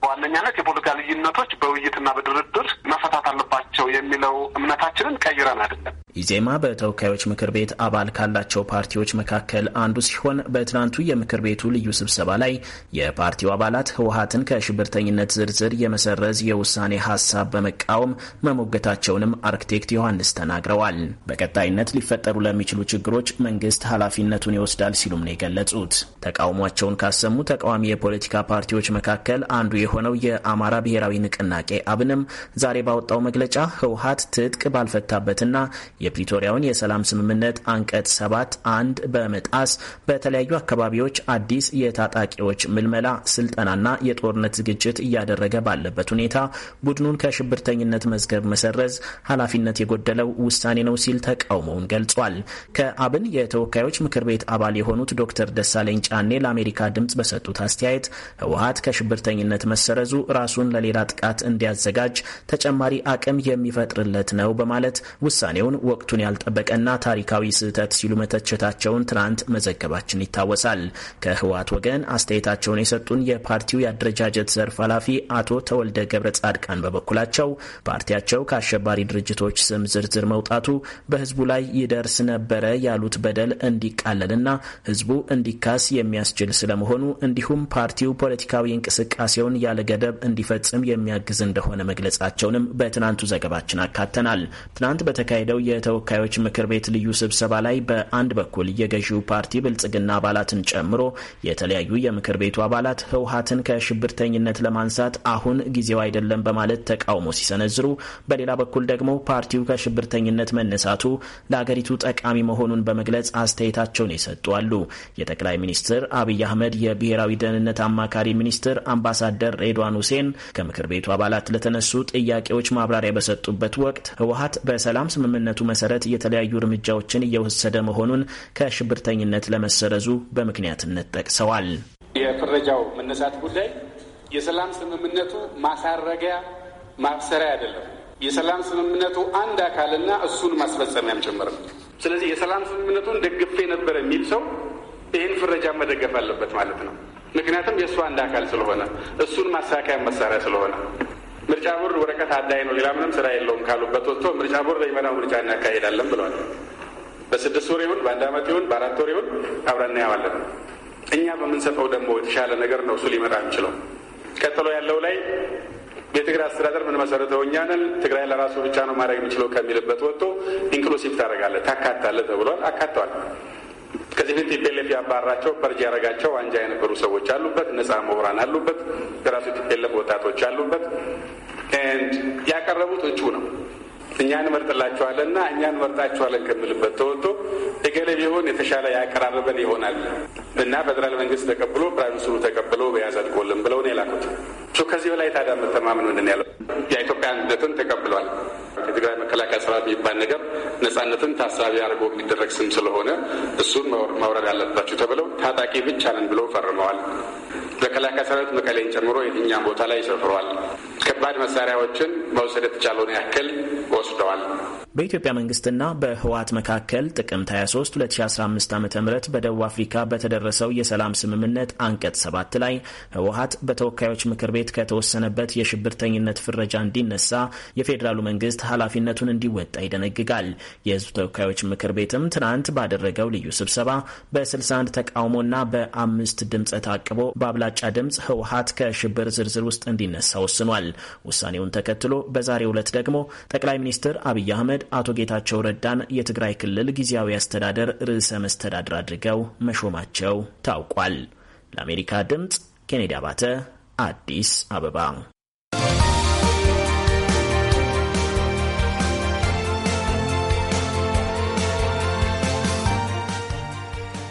በዋነኛነት የፖለቲካ ልዩነቶች በውይይትና በድርድር መፈታት አለባቸው የሚለው እምነታችንን ቀይረን አይደለም። ኢዜማ በተወካዮች ምክር ቤት አባል ካላቸው ፓርቲዎች መካከል አንዱ ሲሆን በትናንቱ የምክር ቤቱ ልዩ ስብሰባ ላይ የፓርቲው አባላት ህወሀትን ከሽብርተኝነት ዝርዝር የመሰረዝ የውሳኔ ሀሳብ በመቃወም መሞገታቸውንም አርክቴክት ዮሐንስ ተናግረዋል። በቀጣይነት ሊፈጠሩ ለሚችሉ ችግሮች መንግስት ኃላፊነቱን ይወስዳል ሲሉም ነው የገለጹት። ተቃውሟቸውን ካሰሙ ተቃዋሚ የፖለቲካ ፓርቲዎች መካከል አንዱ የሆነው የአማራ ብሔራዊ ንቅናቄ አብንም ዛሬ ባወጣው መግለጫ ህወሀት ትጥቅ ባልፈታበትና የፕሪቶሪያውን የሰላም ስምምነት አንቀጽ ሰባት አንድ በመጣስ በተለያዩ አካባቢዎች አዲስ የታጣቂዎች ምልመላ ስልጠናና የጦርነት ዝግጅት እያደረገ ባለበት ሁኔታ ቡድኑን ከሽብርተኝነት መዝገብ መሰረዝ ኃላፊነት የጎደለው ውሳኔ ነው ሲል ተቃውሞውን ገልጿል። ከአብን የተወካዮች ምክር ቤት አባል የሆኑት ዶክተር ደሳለኝ ጫኔ ለአሜሪካ ድምጽ በሰጡት አስተያየት ህወሀት ከሽብርተኝነት መሰረዙ ራሱን ለሌላ ጥቃት እንዲያዘጋጅ ተጨማሪ አቅም የሚፈጥርለት ነው በማለት ውሳኔውን ወቅቱን ያልጠበቀና ታሪካዊ ስህተት ሲሉ መተቸታቸውን ትናንት መዘገባችን ይታወሳል። ከህወሓት ወገን አስተያየታቸውን የሰጡን የፓርቲው የአደረጃጀት ዘርፍ ኃላፊ አቶ ተወልደ ገብረ ጻድቃን በበኩላቸው ፓርቲያቸው ከአሸባሪ ድርጅቶች ስም ዝርዝር መውጣቱ በህዝቡ ላይ ይደርስ ነበረ ያሉት በደል እንዲቃለልና ህዝቡ እንዲካስ የሚያስችል ስለመሆኑ እንዲሁም ፓርቲው ፖለቲካዊ እንቅስቃሴውን ያለ ገደብ እንዲፈጽም የሚያግዝ እንደሆነ መግለጻቸውንም በትናንቱ ዘገባችን አካተናል። ትናንት በተካሄደው የ የተወካዮች ምክር ቤት ልዩ ስብሰባ ላይ በአንድ በኩል የገዢው ፓርቲ ብልጽግና አባላትን ጨምሮ የተለያዩ የምክር ቤቱ አባላት ህውሀትን ከሽብርተኝነት ለማንሳት አሁን ጊዜው አይደለም በማለት ተቃውሞ ሲሰነዝሩ፣ በሌላ በኩል ደግሞ ፓርቲው ከሽብርተኝነት መነሳቱ ለአገሪቱ ጠቃሚ መሆኑን በመግለጽ አስተያየታቸውን የሰጡ አሉ። የጠቅላይ ሚኒስትር አብይ አህመድ የብሔራዊ ደህንነት አማካሪ ሚኒስትር አምባሳደር ሬድዋን ሁሴን ከምክር ቤቱ አባላት ለተነሱ ጥያቄዎች ማብራሪያ በሰጡበት ወቅት ህወሀት በሰላም ስምምነቱ መሰረት የተለያዩ እርምጃዎችን እየወሰደ መሆኑን ከሽብርተኝነት ለመሰረዙ በምክንያትነት ጠቅሰዋል። የፍረጃው መነሳት ጉዳይ የሰላም ስምምነቱ ማሳረጊያ ማብሰሪያ አይደለም። የሰላም ስምምነቱ አንድ አካልና እሱን ማስፈጸሚያም ጭምር ነው። ስለዚህ የሰላም ስምምነቱን ደግፌ ነበር የሚል ሰው ይህን ፍረጃ መደገፍ አለበት ማለት ነው። ምክንያቱም የእሱ አንድ አካል ስለሆነ እሱን ማሳካያ መሳሪያ ስለሆነ ምርጫ ቦርድ ወረቀት አዳይ ነው፣ ሌላ ምንም ስራ የለውም ካሉበት ወጥቶ ምርጫ ቦርድ የመራው ምርጫ እናካሄዳለን ብለዋል። በስድስት ወር ይሁን በአንድ አመት ይሁን በአራት ወር ይሁን አብረን እናየዋለን። እኛ በምንሰጠው ደግሞ የተሻለ ነገር ነው እሱ ሊመጣ የሚችለው። ቀጥሎ ያለው ላይ የትግራይ አስተዳደር ምን መሰረተው እኛ ነን ትግራይ ለራሱ ብቻ ነው ማድረግ የሚችለው ከሚልበት ወጥቶ ኢንክሉሲቭ ታደርጋለህ ታካታለህ ተብሏል። አካተዋል። ከዚህ ፊት ቲፒኤልኤፍ ያባራቸው በርጅ ያደረጋቸው አንጃ የነበሩ ሰዎች አሉበት፣ ነጻ ምሁራን አሉበት፣ የራሱ ቲፒኤልኤፍ ወጣቶች አሉበት። ያቀረቡት እጩ ነው። እኛ እንመርጥላችኋለንና እኛ እንመርጣችኋለን ከምልበት ተወጥቶ የገሌ ቢሆን የተሻለ ያቀራርበን ይሆናል እና ፌዴራል መንግስት ተቀብሎ ፕራይም ሚኒስትሩ ተቀብሎ በያዝ አድጎልን ብለው ነው የላኩት። ከዚህ በላይ ታዲያ መተማመን ምንድን ያለው የኢትዮጵያን መከላከያ ሰራዊት የሚባል ነገር ነጻነትን ታሳቢ አድርጎ የሚደረግ ስም ስለሆነ እሱን መውረድ አለባቸው ተብለው ታጣቂ ብቻ ነን ብለው ፈርመዋል። መከላከያ ሰራዊት መቀሌን ጨምሮ የትኛም ቦታ ላይ ይሰፍረዋል። ከባድ መሳሪያዎችን መውሰድ የተቻለውን ያክል ወስደዋል። በኢትዮጵያ መንግስትና በህወሓት መካከል ጥቅምት 23 2015 ዓ ም በደቡብ አፍሪካ በተደረሰው የሰላም ስምምነት አንቀጽ 7 ላይ ህወሓት በተወካዮች ምክር ቤት ከተወሰነበት የሽብርተኝነት ፍረጃ እንዲነሳ የፌዴራሉ መንግስት ኃላፊነቱን እንዲወጣ ይደነግጋል። የህዝብ ተወካዮች ምክር ቤትም ትናንት ባደረገው ልዩ ስብሰባ በ61 ተቃውሞና በአምስት ድምፅ ታቅቦ በአብላጫ ድምፅ ህወሓት ከሽብር ዝርዝር ውስጥ እንዲነሳ ወስኗል። ውሳኔውን ተከትሎ በዛሬው ዕለት ደግሞ ጠቅላይ ሚኒስትር አብይ አህመድ ረገድ አቶ ጌታቸው ረዳን የትግራይ ክልል ጊዜያዊ አስተዳደር ርዕሰ መስተዳድር አድርገው መሾማቸው ታውቋል። ለአሜሪካ ድምፅ ኬኔዲ አባተ አዲስ አበባ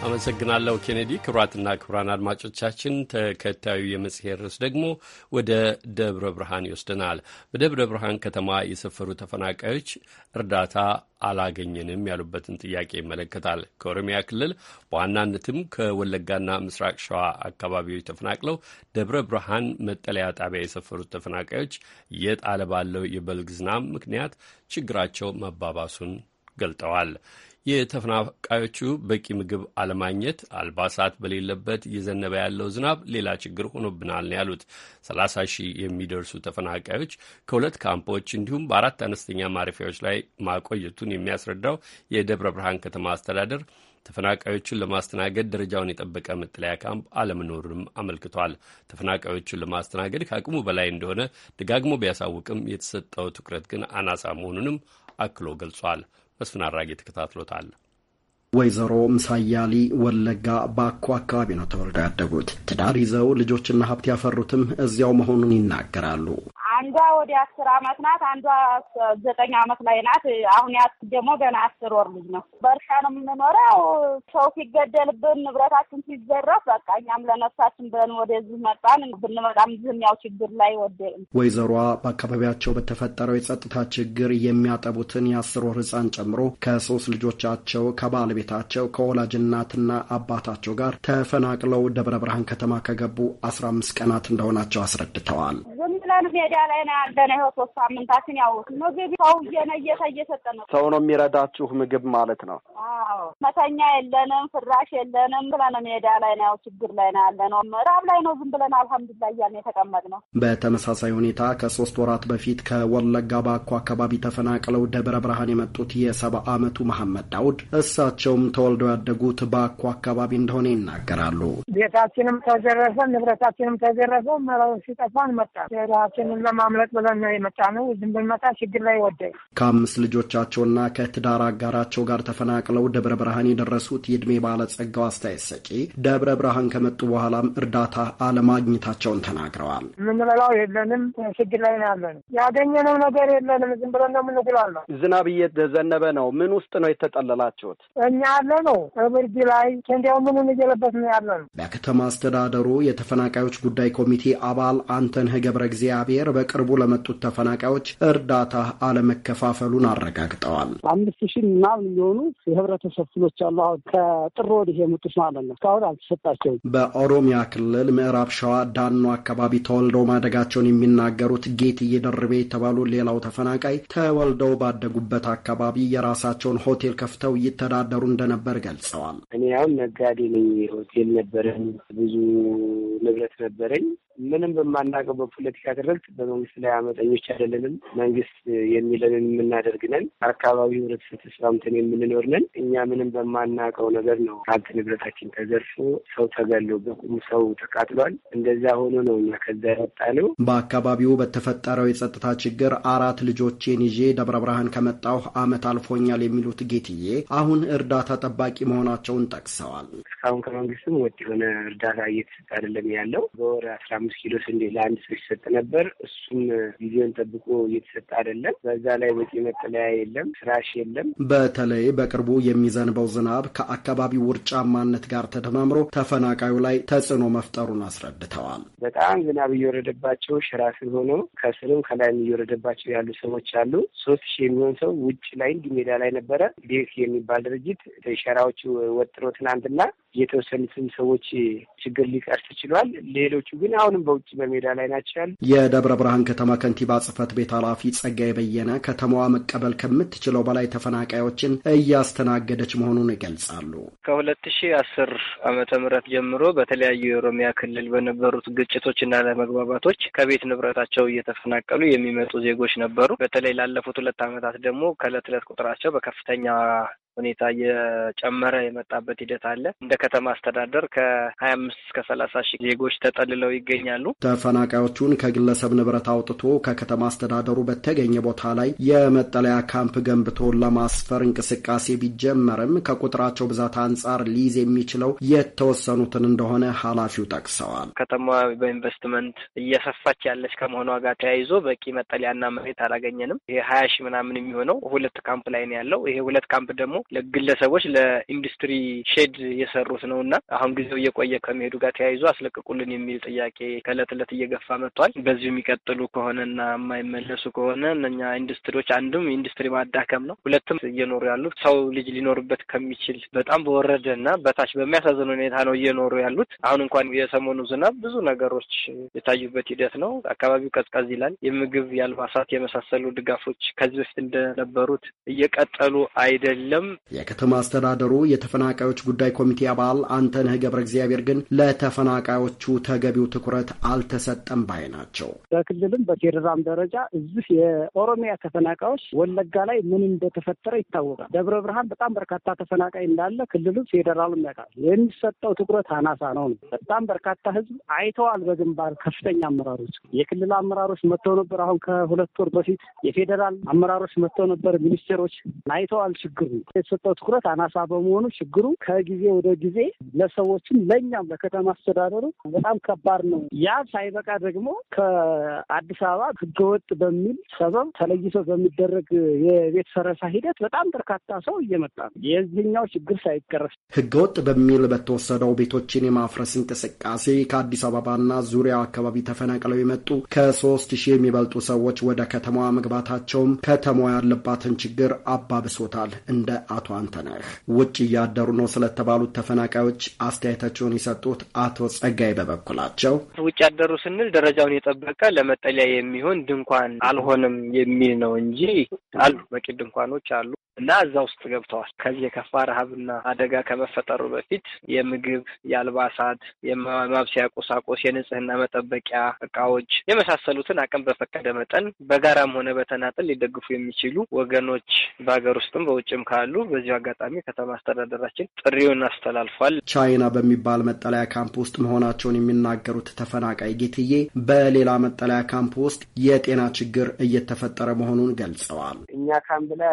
አመሰግናለሁ ኬኔዲ። ክቡራትና ክቡራን አድማጮቻችን ተከታዩ የመጽሔት ርዕስ ደግሞ ወደ ደብረ ብርሃን ይወስደናል። በደብረ ብርሃን ከተማ የሰፈሩ ተፈናቃዮች እርዳታ አላገኘንም ያሉበትን ጥያቄ ይመለከታል። ከኦሮሚያ ክልል በዋናነትም ከወለጋና ምስራቅ ሸዋ አካባቢዎች ተፈናቅለው ደብረ ብርሃን መጠለያ ጣቢያ የሰፈሩት ተፈናቃዮች የጣለ ባለው የበልግ ዝናብ ምክንያት ችግራቸው መባባሱን ገልጠዋል። የተፈናቃዮቹ በቂ ምግብ አለማግኘት፣ አልባሳት በሌለበት እየዘነበ ያለው ዝናብ ሌላ ችግር ሆኖብናል ያሉት። 30 ሺህ የሚደርሱ ተፈናቃዮች ከሁለት ካምፖች እንዲሁም በአራት አነስተኛ ማረፊያዎች ላይ ማቆየቱን የሚያስረዳው የደብረ ብርሃን ከተማ አስተዳደር ተፈናቃዮቹን ለማስተናገድ ደረጃውን የጠበቀ መጠለያ ካምፕ አለመኖሩንም አመልክቷል። ተፈናቃዮቹን ለማስተናገድ ከአቅሙ በላይ እንደሆነ ደጋግሞ ቢያሳውቅም የተሰጠው ትኩረት ግን አናሳ መሆኑንም አክሎ ገልጿል። መስፍን አራጌ ተከታትሎታል። ወይዘሮ ምሳያሊ ወለጋ ባኮ አካባቢ ነው ተወልደው ያደጉት። ትዳር ይዘው ልጆችና ሀብት ያፈሩትም እዚያው መሆኑን ይናገራሉ። አንዷ ወደ አስር አመት ናት፣ አንዷ ዘጠኝ አመት ላይ ናት። አሁን ያት ደግሞ ገና አስር ወር ልጅ ነው። በእርሻ ነው የምንኖረው። ሰው ሲገደልብን ንብረታችን ሲዘረፍ በቃ እኛም ለነፍሳችን ብለን ወደዚህ መጣን። ብንመጣም ዝም ያው ችግር ላይ ወደ ወይዘሯ በአካባቢያቸው በተፈጠረው የጸጥታ ችግር የሚያጠቡትን የአስር ወር ህፃን ጨምሮ ከሶስት ልጆቻቸው ከባለቤታቸው ከወላጅ እናትና አባታቸው ጋር ተፈናቅለው ደብረ ብርሃን ከተማ ከገቡ አስራ አምስት ቀናት እንደሆናቸው አስረድተዋል። ዝም ብለን ሜዳ ላይ ነው ያለ ነው። ይኸው ሶስት ሳምንታችን ያው ምግብ ሰው እየነየተ እየሰጠ ነው። ሰው ነው የሚረዳችሁ ምግብ ማለት ነው። አዎ መተኛ የለንም፣ ፍራሽ የለንም ብለን ሜዳ ላይ ነው ያው ችግር ላይ ነው ያለ ነው። ምዕራብ ላይ ነው ዝም ብለን አልሐምዱላ እያልን የተቀመጥ ነው። በተመሳሳይ ሁኔታ ከሶስት ወራት በፊት ከወለጋ ባኮ አካባቢ ተፈናቅለው ደብረ ብርሃን የመጡት የሰባ አመቱ መሐመድ ዳውድ እሳቸውም ተወልደው ያደጉት ባኮ አካባቢ እንደሆነ ይናገራሉ። ቤታችንም ተዘረፈ፣ ንብረታችንም ተዘረፈ። መራው ሲጠፋን መጣ ራችንን ለማምለጥ ብለን ነው የመጣ ነው። ዝም ብንመጣ ችግር ላይ ወደቅ። ከአምስት ልጆቻቸውና ከትዳር አጋራቸው ጋር ተፈናቅለው ደብረ ብርሃን የደረሱት የእድሜ ባለጸጋው አስተያየት ሰጪ ደብረ ብርሃን ከመጡ በኋላም እርዳታ አለማግኘታቸውን ተናግረዋል። የምንበላው የለንም፣ ችግር ላይ ነው ያለን። ያገኘነው ነገር የለንም። ዝም ብለን ነው የምንጉላለው። ዝናብ እየዘነበ ነው። ምን ውስጥ ነው የተጠለላችሁት? እኛ ያለ ነው እብርድ ላይ እንዲያው ምኑን እየለበት ነው ያለ ነው። በከተማ አስተዳደሩ የተፈናቃዮች ጉዳይ ኮሚቴ አባል አንተነህ ገብረ እግዚአብሔር በ በቅርቡ ለመጡት ተፈናቃዮች እርዳታ አለመከፋፈሉን አረጋግጠዋል። አምስት ሺህ ምናምን የሚሆኑ የህብረተሰብ ክፍሎች አሉ። አሁን ከጥር ወዲህ የመጡት ማለት ነው። እስካሁን አልተሰጣቸውም። በኦሮሚያ ክልል ምዕራብ ሸዋ ዳኖ አካባቢ ተወልደው ማደጋቸውን የሚናገሩት ጌት እየደርቤ የተባሉ ሌላው ተፈናቃይ ተወልደው ባደጉበት አካባቢ የራሳቸውን ሆቴል ከፍተው ይተዳደሩ እንደነበር ገልጸዋል። እኔ አሁን ነጋዴ ነኝ። ሆቴል ነበረኝ፣ ብዙ ንብረት ነበረኝ። ምንም በማናውቀው በፖለቲካ ትርክት በመንግስት ላይ አመጠኞች አይደለንም። መንግስት የሚለንን የምናደርግ ነን። አካባቢው ህብረተሰብ ተስማምተን የምንኖር ነን። እኛ ምንም በማናውቀው ነገር ነው ሀብት ንብረታችን ተዘርፎ ሰው ተገሎ በቁም ሰው ተቃጥሏል። እንደዛ ሆኖ ነው እኛ ከዛ ያወጣ ነው። በአካባቢው በተፈጠረው የጸጥታ ችግር አራት ልጆቼን ይዤ ደብረ ብርሃን ከመጣሁ አመት አልፎኛል የሚሉት ጌትዬ አሁን እርዳታ ጠባቂ መሆናቸውን ጠቅሰዋል። እስካሁን ከመንግስትም ወጥ የሆነ እርዳታ እየተሰጠ አይደለም ያለው በወር አስራ አምስት ኪሎ ስንዴ ለአንድ ሰው ይሰጥ ነበር። እሱም ጊዜውን ጠብቆ እየተሰጠ አይደለም። በዛ ላይ በቂ መጠለያ የለም፣ ፍራሽ የለም። በተለይ በቅርቡ የሚዘንበው ዝናብ ከአካባቢው ውርጫማነት ጋር ተደማምሮ ተፈናቃዩ ላይ ተጽዕኖ መፍጠሩን አስረድተዋል። በጣም ዝናብ እየወረደባቸው ሽራ ስር ሆነው ከስርም ከላይም እየወረደባቸው ያሉ ሰዎች አሉ። ሶስት ሺህ የሚሆን ሰው ውጭ ላይ እንዲህ ሜዳ ላይ ነበረ። ቤት የሚባል ድርጅት ሸራዎቹ ወጥሮ ትናንትና የተወሰኑትን ሰዎች ችግር ሊቀርፍ ችሏል። ሌሎቹ ግን አሁንም በውጭ በሜዳ ላይ ናቸው ያሉ የደብረ ብርሃን ከተማ ከንቲባ ጽህፈት ቤት ኃላፊ ጸጋዬ በየነ ከተማዋ መቀበል ከምትችለው በላይ ተፈናቃዮችን እያስተናገደች መሆኑን ይገልጻሉ። ከሁለት ሺ አስር ዓመተ ምህረት ጀምሮ በተለያዩ የኦሮሚያ ክልል በነበሩት ግጭቶችና ለመግባባቶች ከቤት ንብረታቸው እየተፈናቀሉ የሚመጡ ዜጎች ነበሩ። በተለይ ላለፉት ሁለት ዓመታት ደግሞ ከዕለት ዕለት ቁጥራቸው በከፍተኛ ሁኔታ እየጨመረ የመጣበት ሂደት አለ። እንደ ከተማ አስተዳደር ከሀያ አምስት እስከ ሰላሳ ሺህ ዜጎች ተጠልለው ይገኛሉ። ተፈናቃዮቹን ከግለሰብ ንብረት አውጥቶ ከከተማ አስተዳደሩ በተገኘ ቦታ ላይ የመጠለያ ካምፕ ገንብቶ ለማስፈር እንቅስቃሴ ቢጀመርም ከቁጥራቸው ብዛት አንጻር ሊይዝ የሚችለው የተወሰኑትን እንደሆነ ኃላፊው ጠቅሰዋል። ከተማዋ በኢንቨስትመንት እየሰፋች ያለች ከመሆኗ ጋር ተያይዞ በቂ መጠለያና መሬት አላገኘንም። ይሄ ሀያ ሺህ ምናምን የሚሆነው ሁለት ካምፕ ላይ ነው ያለው። ይሄ ሁለት ካምፕ ደግሞ ለግለሰቦች ለኢንዱስትሪ ሼድ የሰሩት ነው እና አሁን ጊዜው እየቆየ ከመሄዱ ጋር ተያይዞ አስለቅቁልን የሚል ጥያቄ ከእለት እለት እየገፋ መጥቷል። በዚሁ የሚቀጥሉ ከሆነና የማይመለሱ ከሆነ እነኛ ኢንዱስትሪዎች አንድም ኢንዱስትሪ ማዳከም ነው፣ ሁለትም እየኖሩ ያሉት ሰው ልጅ ሊኖርበት ከሚችል በጣም በወረደ እና በታች በሚያሳዝን ሁኔታ ነው እየኖሩ ያሉት። አሁን እንኳን የሰሞኑ ዝናብ ብዙ ነገሮች የታዩበት ሂደት ነው። አካባቢው ቀዝቀዝ ይላል። የምግብ የአልባሳት የመሳሰሉ ድጋፎች ከዚህ በፊት እንደነበሩት እየቀጠሉ አይደለም። የከተማ አስተዳደሩ የተፈናቃዮች ጉዳይ ኮሚቴ አባል አንተነህ ገብረ እግዚአብሔር ግን ለተፈናቃዮቹ ተገቢው ትኩረት አልተሰጠም ባይ ናቸው። በክልልም በፌዴራል ደረጃ እዚህ የኦሮሚያ ተፈናቃዮች ወለጋ ላይ ምን እንደተፈጠረ ይታወቃል። ደብረ ብርሃን በጣም በርካታ ተፈናቃይ እንዳለ ክልሉም ፌደራሉም ያውቃል። የሚሰጠው ትኩረት አናሳ ነው። በጣም በርካታ ህዝብ አይተዋል። በግንባር ከፍተኛ አመራሮች የክልል አመራሮች መጥተው ነበር። አሁን ከሁለት ወር በፊት የፌዴራል አመራሮች መጥተው ነበር። ሚኒስቴሮች አይተዋል ችግሩ የተሰጠው ትኩረት አናሳ በመሆኑ ችግሩ ከጊዜ ወደ ጊዜ ለሰዎችም ለእኛም ለከተማ አስተዳደሩ በጣም ከባድ ነው። ያ ሳይበቃ ደግሞ ከአዲስ አበባ ህገወጥ በሚል ሰበብ ተለይቶ በሚደረግ የቤት ፈረሳ ሂደት በጣም በርካታ ሰው እየመጣ ነው። የዚህኛው ችግር ሳይቀረስ ህገወጥ በሚል በተወሰደው ቤቶችን የማፍረስ እንቅስቃሴ ከአዲስ አበባና ዙሪያ አካባቢ ተፈናቅለው የመጡ ከሶስት ሺህ የሚበልጡ ሰዎች ወደ ከተማዋ መግባታቸውም ከተማዋ ያለባትን ችግር አባብሶታል። እንደ አቶ አንተነህ ውጭ እያደሩ ነው ስለተባሉት ተፈናቃዮች አስተያየታቸውን የሰጡት አቶ ጸጋይ በበኩላቸው ውጭ ያደሩ ስንል ደረጃውን የጠበቀ ለመጠለያ የሚሆን ድንኳን አልሆንም የሚል ነው እንጂ አሉ በቂ ድንኳኖች አሉ። እና እዛ ውስጥ ገብተዋል። ከዚህ የከፋ ረሃብና አደጋ ከመፈጠሩ በፊት የምግብ፣ የአልባሳት፣ የማብሰያ ቁሳቁስ፣ የንጽህና መጠበቂያ እቃዎች የመሳሰሉትን አቅም በፈቀደ መጠን በጋራም ሆነ በተናጠል ሊደግፉ የሚችሉ ወገኖች በሀገር ውስጥም በውጭም ካሉ በዚሁ አጋጣሚ ከተማ አስተዳደራችን ጥሪውን አስተላልፏል። ቻይና በሚባል መጠለያ ካምፕ ውስጥ መሆናቸውን የሚናገሩት ተፈናቃይ ጌትዬ በሌላ መጠለያ ካምፕ ውስጥ የጤና ችግር እየተፈጠረ መሆኑን ገልጸዋል። እኛ ካምፕ ላይ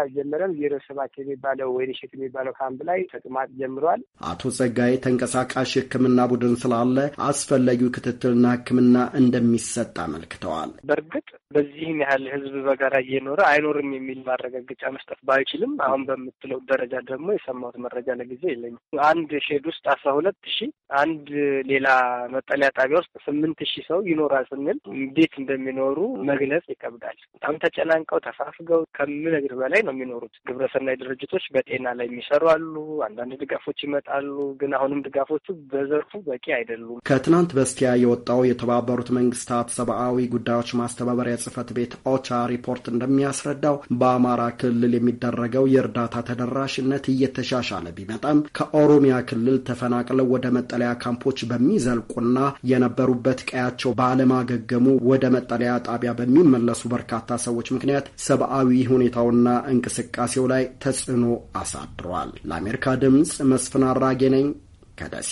ሰባት የሚባለው ወይንሸት የሚባለው ካምፕ ላይ ተቅማጥ ጀምሯል። አቶ ጸጋዬ ተንቀሳቃሽ ህክምና ቡድን ስላለ አስፈላጊው ክትትልና ሕክምና እንደሚሰጥ አመልክተዋል። በእርግጥ በዚህም ያህል ህዝብ በጋራ እየኖረ አይኖርም የሚል ማረጋገጫ መስጠት ባይችልም አሁን በምትለው ደረጃ ደግሞ የሰማሁት መረጃ ለጊዜ የለኝ። አንድ ሼድ ውስጥ አስራ ሁለት ሺ አንድ ሌላ መጠለያ ጣቢያ ውስጥ ስምንት ሺህ ሰው ይኖራል ስንል እንዴት እንደሚኖሩ መግለጽ ይከብዳል። በጣም ተጨናንቀው ተፋፍገው ከምነግር በላይ ነው የሚኖሩት ግብረ ግብረሰናይ ድርጅቶች በጤና ላይ የሚሰሩ አሉ። አንዳንድ ድጋፎች ይመጣሉ። ግን አሁንም ድጋፎቹ በዘርፉ በቂ አይደሉም። ከትናንት በስቲያ የወጣው የተባበሩት መንግስታት ሰብአዊ ጉዳዮች ማስተባበሪያ ጽህፈት ቤት ኦቻ ሪፖርት እንደሚያስረዳው በአማራ ክልል የሚደረገው የእርዳታ ተደራሽነት እየተሻሻለ ቢመጣም ከኦሮሚያ ክልል ተፈናቅለው ወደ መጠለያ ካምፖች በሚዘልቁና የነበሩበት ቀያቸው ባለማገገሙ ወደ መጠለያ ጣቢያ በሚመለሱ በርካታ ሰዎች ምክንያት ሰብአዊ ሁኔታውና እንቅስቃሴው ላይ ላይ ተጽዕኖ አሳድሯል። ለአሜሪካ ድምፅ መስፍን አራጌ ነኝ ከደሴ።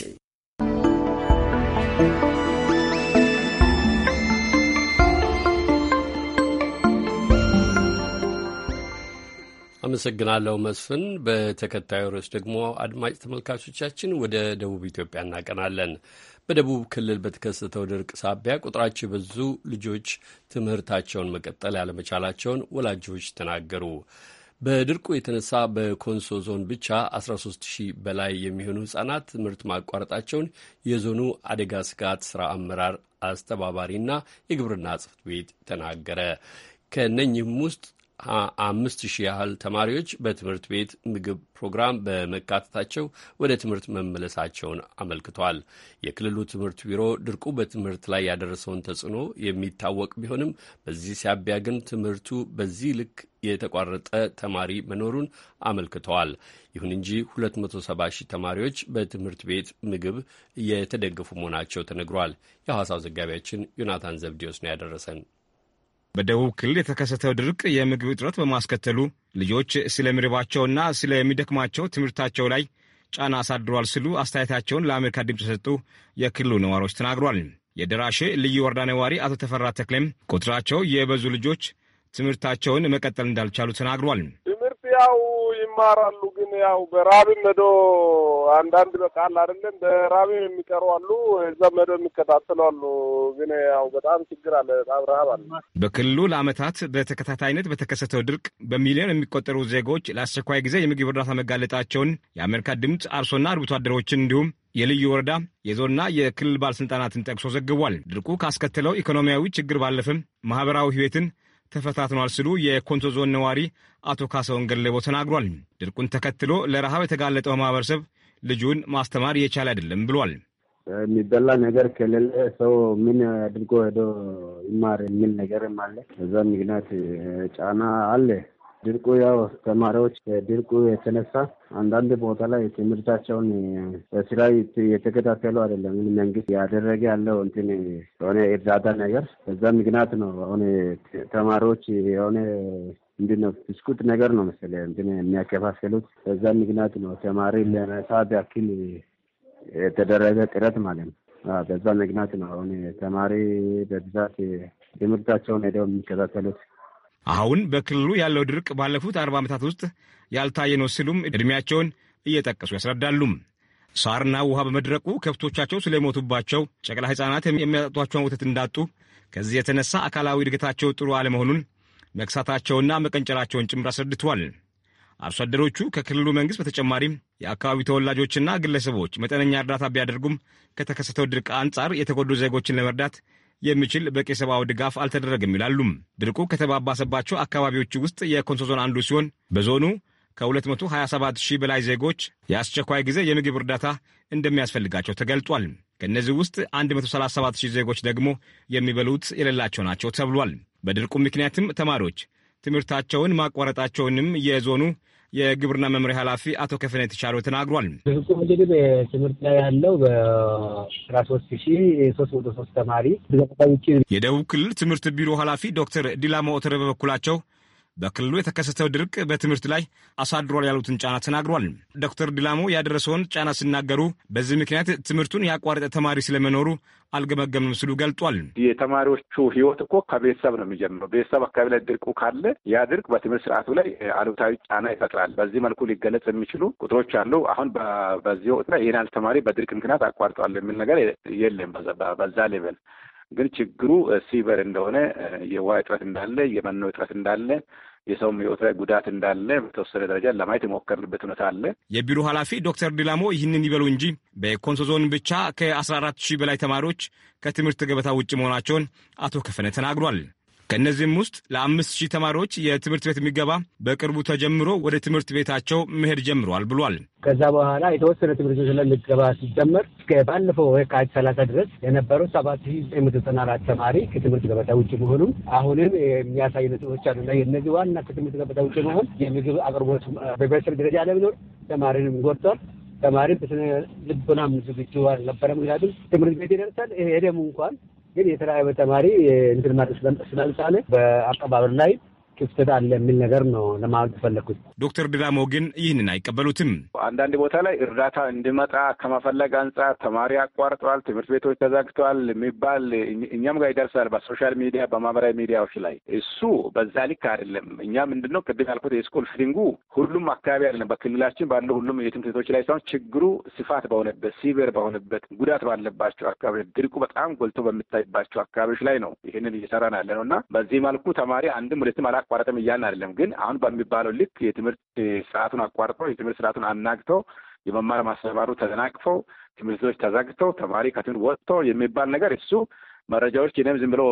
አመሰግናለሁ መስፍን። በተከታዩ ርዕስ ደግሞ አድማጭ ተመልካቾቻችን ወደ ደቡብ ኢትዮጵያ እናቀናለን። በደቡብ ክልል በተከሰተው ድርቅ ሳቢያ ቁጥራቸው የበዙ ልጆች ትምህርታቸውን መቀጠል ያለመቻላቸውን ወላጆች ተናገሩ። በድርቁ የተነሳ በኮንሶ ዞን ብቻ 13 ሺህ በላይ የሚሆኑ ህጻናት ትምህርት ማቋረጣቸውን የዞኑ አደጋ ስጋት ስራ አመራር አስተባባሪና የግብርና ጽሕፈት ቤት ተናገረ። ከነኚህም ውስጥ አምስት ሺህ ያህል ተማሪዎች በትምህርት ቤት ምግብ ፕሮግራም በመካተታቸው ወደ ትምህርት መመለሳቸውን አመልክቷል። የክልሉ ትምህርት ቢሮ ድርቁ በትምህርት ላይ ያደረሰውን ተጽዕኖ የሚታወቅ ቢሆንም በዚህ ሳቢያ ግን ትምህርቱ በዚህ ልክ የተቋረጠ ተማሪ መኖሩን አመልክተዋል። ይሁን እንጂ 270 ሺህ ተማሪዎች በትምህርት ቤት ምግብ የተደገፉ መሆናቸው ተነግሯል። የሐዋሳው ዘጋቢያችን ዮናታን ዘብዲዮስ ነው ያደረሰን። በደቡብ ክልል የተከሰተው ድርቅ የምግብ እጥረት በማስከተሉ ልጆች ስለሚርባቸውና ስለሚደክማቸው ትምህርታቸው ላይ ጫና አሳድሯል ሲሉ አስተያየታቸውን ለአሜሪካ ድምፅ የሰጡ የክልሉ ነዋሪዎች ተናግሯል። የደራሼ ልዩ ወረዳ ነዋሪ አቶ ተፈራ ተክሌም ቁጥራቸው የበዙ ልጆች ትምህርታቸውን መቀጠል እንዳልቻሉ ተናግሯል። ትምህርት ያው ይማራሉ፣ ግን ያው በራብም መዶ አንዳንድ በቃል አይደለም በራብም የሚቀሩ አሉ፣ እዛም መዶ የሚከታተሉ አሉ። ግን ያው በጣም ችግር አለ፣ በጣም ረሃብ አለ። በክልሉ ለዓመታት በተከታታይነት በተከሰተው ድርቅ በሚሊዮን የሚቆጠሩ ዜጎች ለአስቸኳይ ጊዜ የምግብ እርዳታ መጋለጣቸውን የአሜሪካ ድምፅ አርሶና አርብቶ አደሮችን እንዲሁም የልዩ ወረዳ የዞንና የክልል ባለሥልጣናትን ጠቅሶ ዘግቧል። ድርቁ ካስከተለው ኢኮኖሚያዊ ችግር ባለፈም ማኅበራዊ ሕይወትን ተፈታትኗል ሲሉ የኮንቶ ዞን ነዋሪ አቶ ካሳሁን ገለቦ ተናግሯል። ድርቁን ተከትሎ ለረሃብ የተጋለጠው ማህበረሰብ ልጁን ማስተማር የቻለ አይደለም ብሏል። የሚበላ ነገር ከሌለ ሰው ምን አድርጎ ሄዶ ይማር የሚል ነገርም አለ። በዛ ምክንያት ጫና አለ። ድርቁ ያው ተማሪዎች ድርቁ የተነሳ አንዳንድ ቦታ ላይ ትምህርታቸውን በስራ የተከታተሉ አይደለም። መንግስት ያደረገ ያለው እንትን የሆነ እርዳታ ነገር በዛ ምክንያት ነው። አሁን ተማሪዎች የሆነ ምንድን ነው ብስኩት ነገር ነው መሰለኝ እንትን የሚያከፋፍሉት በዛ ምክንያት ነው። ተማሪ ለመሳብ ያክል የተደረገ ጥረት ማለት ነው። በዛ ምክንያት ነው አሁን ተማሪ በብዛት ትምህርታቸውን ሄደው የሚከታተሉት። አሁን በክልሉ ያለው ድርቅ ባለፉት አርባ ዓመታት ውስጥ ያልታየ ነው ሲሉም ዕድሜያቸውን እየጠቀሱ ያስረዳሉም። ሳርና ውሃ በመድረቁ ከብቶቻቸው ስለሞቱባቸው ጨቅላ ሕፃናት የሚያጠጧቸውን ወተት እንዳጡ፣ ከዚህ የተነሳ አካላዊ እድገታቸው ጥሩ አለመሆኑን መክሳታቸውና መቀንጨራቸውን ጭምር አስረድተዋል። አርሶ አደሮቹ ከክልሉ መንግሥት በተጨማሪም የአካባቢው ተወላጆችና ግለሰቦች መጠነኛ እርዳታ ቢያደርጉም ከተከሰተው ድርቅ አንጻር የተጎዱ ዜጎችን ለመርዳት የሚችል በቂ ሰብአዊ ድጋፍ አልተደረገም ይላሉ። ድርቁ ከተባባሰባቸው አካባቢዎች ውስጥ የኮንሶ ዞን አንዱ ሲሆን በዞኑ ከ227 ሺህ በላይ ዜጎች የአስቸኳይ ጊዜ የምግብ እርዳታ እንደሚያስፈልጋቸው ተገልጧል። ከእነዚህ ውስጥ 137 ሺህ ዜጎች ደግሞ የሚበሉት የሌላቸው ናቸው ተብሏል። በድርቁ ምክንያትም ተማሪዎች ትምህርታቸውን ማቋረጣቸውንም የዞኑ የግብርና መምሪያ ኃላፊ አቶ ከፍነ የተቻለው ተናግሯል። ድርቁም እንግዲህ በትምህርት ላይ ያለው በአስራ ሶስት ሺ ሶስት መቶ ሶስት ተማሪ የደቡብ ክልል ትምህርት ቢሮ ኃላፊ ዶክተር ዲላማ ኦተረ በበኩላቸው በክልሉ የተከሰተው ድርቅ በትምህርት ላይ አሳድሯል ያሉትን ጫና ተናግሯል። ዶክተር ድላሞ ያደረሰውን ጫና ሲናገሩ በዚህ ምክንያት ትምህርቱን ያቋረጠ ተማሪ ስለመኖሩ አልገመገምም ሲሉ ገልጧል። የተማሪዎቹ ህይወት እኮ ከቤተሰብ ነው የሚጀምረው። ቤተሰብ አካባቢ ላይ ድርቁ ካለ ያ ድርቅ በትምህርት ስርዓቱ ላይ አሉታዊ ጫና ይፈጥራል። በዚህ መልኩ ሊገለጽ የሚችሉ ቁጥሮች አሉ። አሁን በዚህ ወቅት ላይ ይህን ያህል ተማሪ በድርቅ ምክንያት አቋርጧል የሚል ነገር የለም በዛ ሌቨል ግን ችግሩ ሲቨር እንደሆነ የውሃ እጥረት እንዳለ፣ የመኖ እጥረት እንዳለ፣ የሰውም ሕይወት ላይ ጉዳት እንዳለ በተወሰነ ደረጃ ለማየት የሞከርንበት ሁኔታ አለ። የቢሮ ኃላፊ ዶክተር ዲላሞ ይህንን ይበሉ እንጂ በኮንሶ ዞን ብቻ ከ14 ሺህ በላይ ተማሪዎች ከትምህርት ገበታ ውጭ መሆናቸውን አቶ ከፈነ ተናግሯል። ከእነዚህም ውስጥ ለአምስት ሺህ ተማሪዎች የትምህርት ቤት የሚገባ በቅርቡ ተጀምሮ ወደ ትምህርት ቤታቸው መሄድ ጀምረዋል ብሏል። ከዛ በኋላ የተወሰነ ትምህርት ቤት ለሚገባ ሲጀመር ባለፈው የካቲት ሰላሳ ድረስ የነበረው ሰባት ሺህ ዘጠኝ መቶ ዘጠና አራት ተማሪ ከትምህርት ገበታ ውጭ መሆኑም አሁንም የሚያሳይ ነጥቦች አሉና እነዚህ ዋና ከትምህርት ገበታ ውጭ መሆን የምግብ አቅርቦት በቤተሰብ ደረጃ አለመኖር ተማሪንም ጎድቷል። ተማሪ በስነ ልቦናም ዝግጁ አልነበረ። ምክንያቱም ትምህርት ቤት ይደርሳል ይሄ ደግሞ እንኳን ግን የተለያየ ተማሪ እንትን ማለት ስላልቻለ በአቀባበር ላይ ክፍተት አለ የሚል ነገር ነው ለማወቅ የፈለግኩት። ዶክተር ድራሞ ግን ይህንን አይቀበሉትም። አንዳንድ ቦታ ላይ እርዳታ እንዲመጣ ከመፈለግ አንጻር ተማሪ አቋርጠዋል፣ ትምህርት ቤቶች ተዘግተዋል የሚባል እኛም ጋር ይደርሳል በሶሻል ሚዲያ በማህበራዊ ሚዲያዎች ላይ እሱ በዛ ልክ አይደለም። እኛ ምንድነው ቅድም ያልኩት የስኩል ፊሊንጉ ሁሉም አካባቢ አይደለም። በክልላችን ባለ ሁሉም የትምህርት ቤቶች ላይ ሳይሆን ችግሩ ስፋት በሆነበት ሲቪር በሆነበት ጉዳት ባለባቸው አካባቢ ድርቁ በጣም ጎልቶ በሚታይባቸው አካባቢዎች ላይ ነው ይህንን እየሰራን ያለ ነው እና በዚህ መልኩ ተማሪ አንድም ሁለትም አላ አላቋረጠም እያልን አይደለም። ግን አሁን በሚባለው ልክ የትምህርት ስርዓቱን አቋርጠው የትምህርት ስርዓቱን አናግተው የመማር ማስተማሩ ተደናቅፈው ትምህርት ቤቶች ተዘግተው ተማሪ ከትምህርት ወጥቶ የሚባል ነገር እሱ መረጃዎች እኔም ዝም ብሎ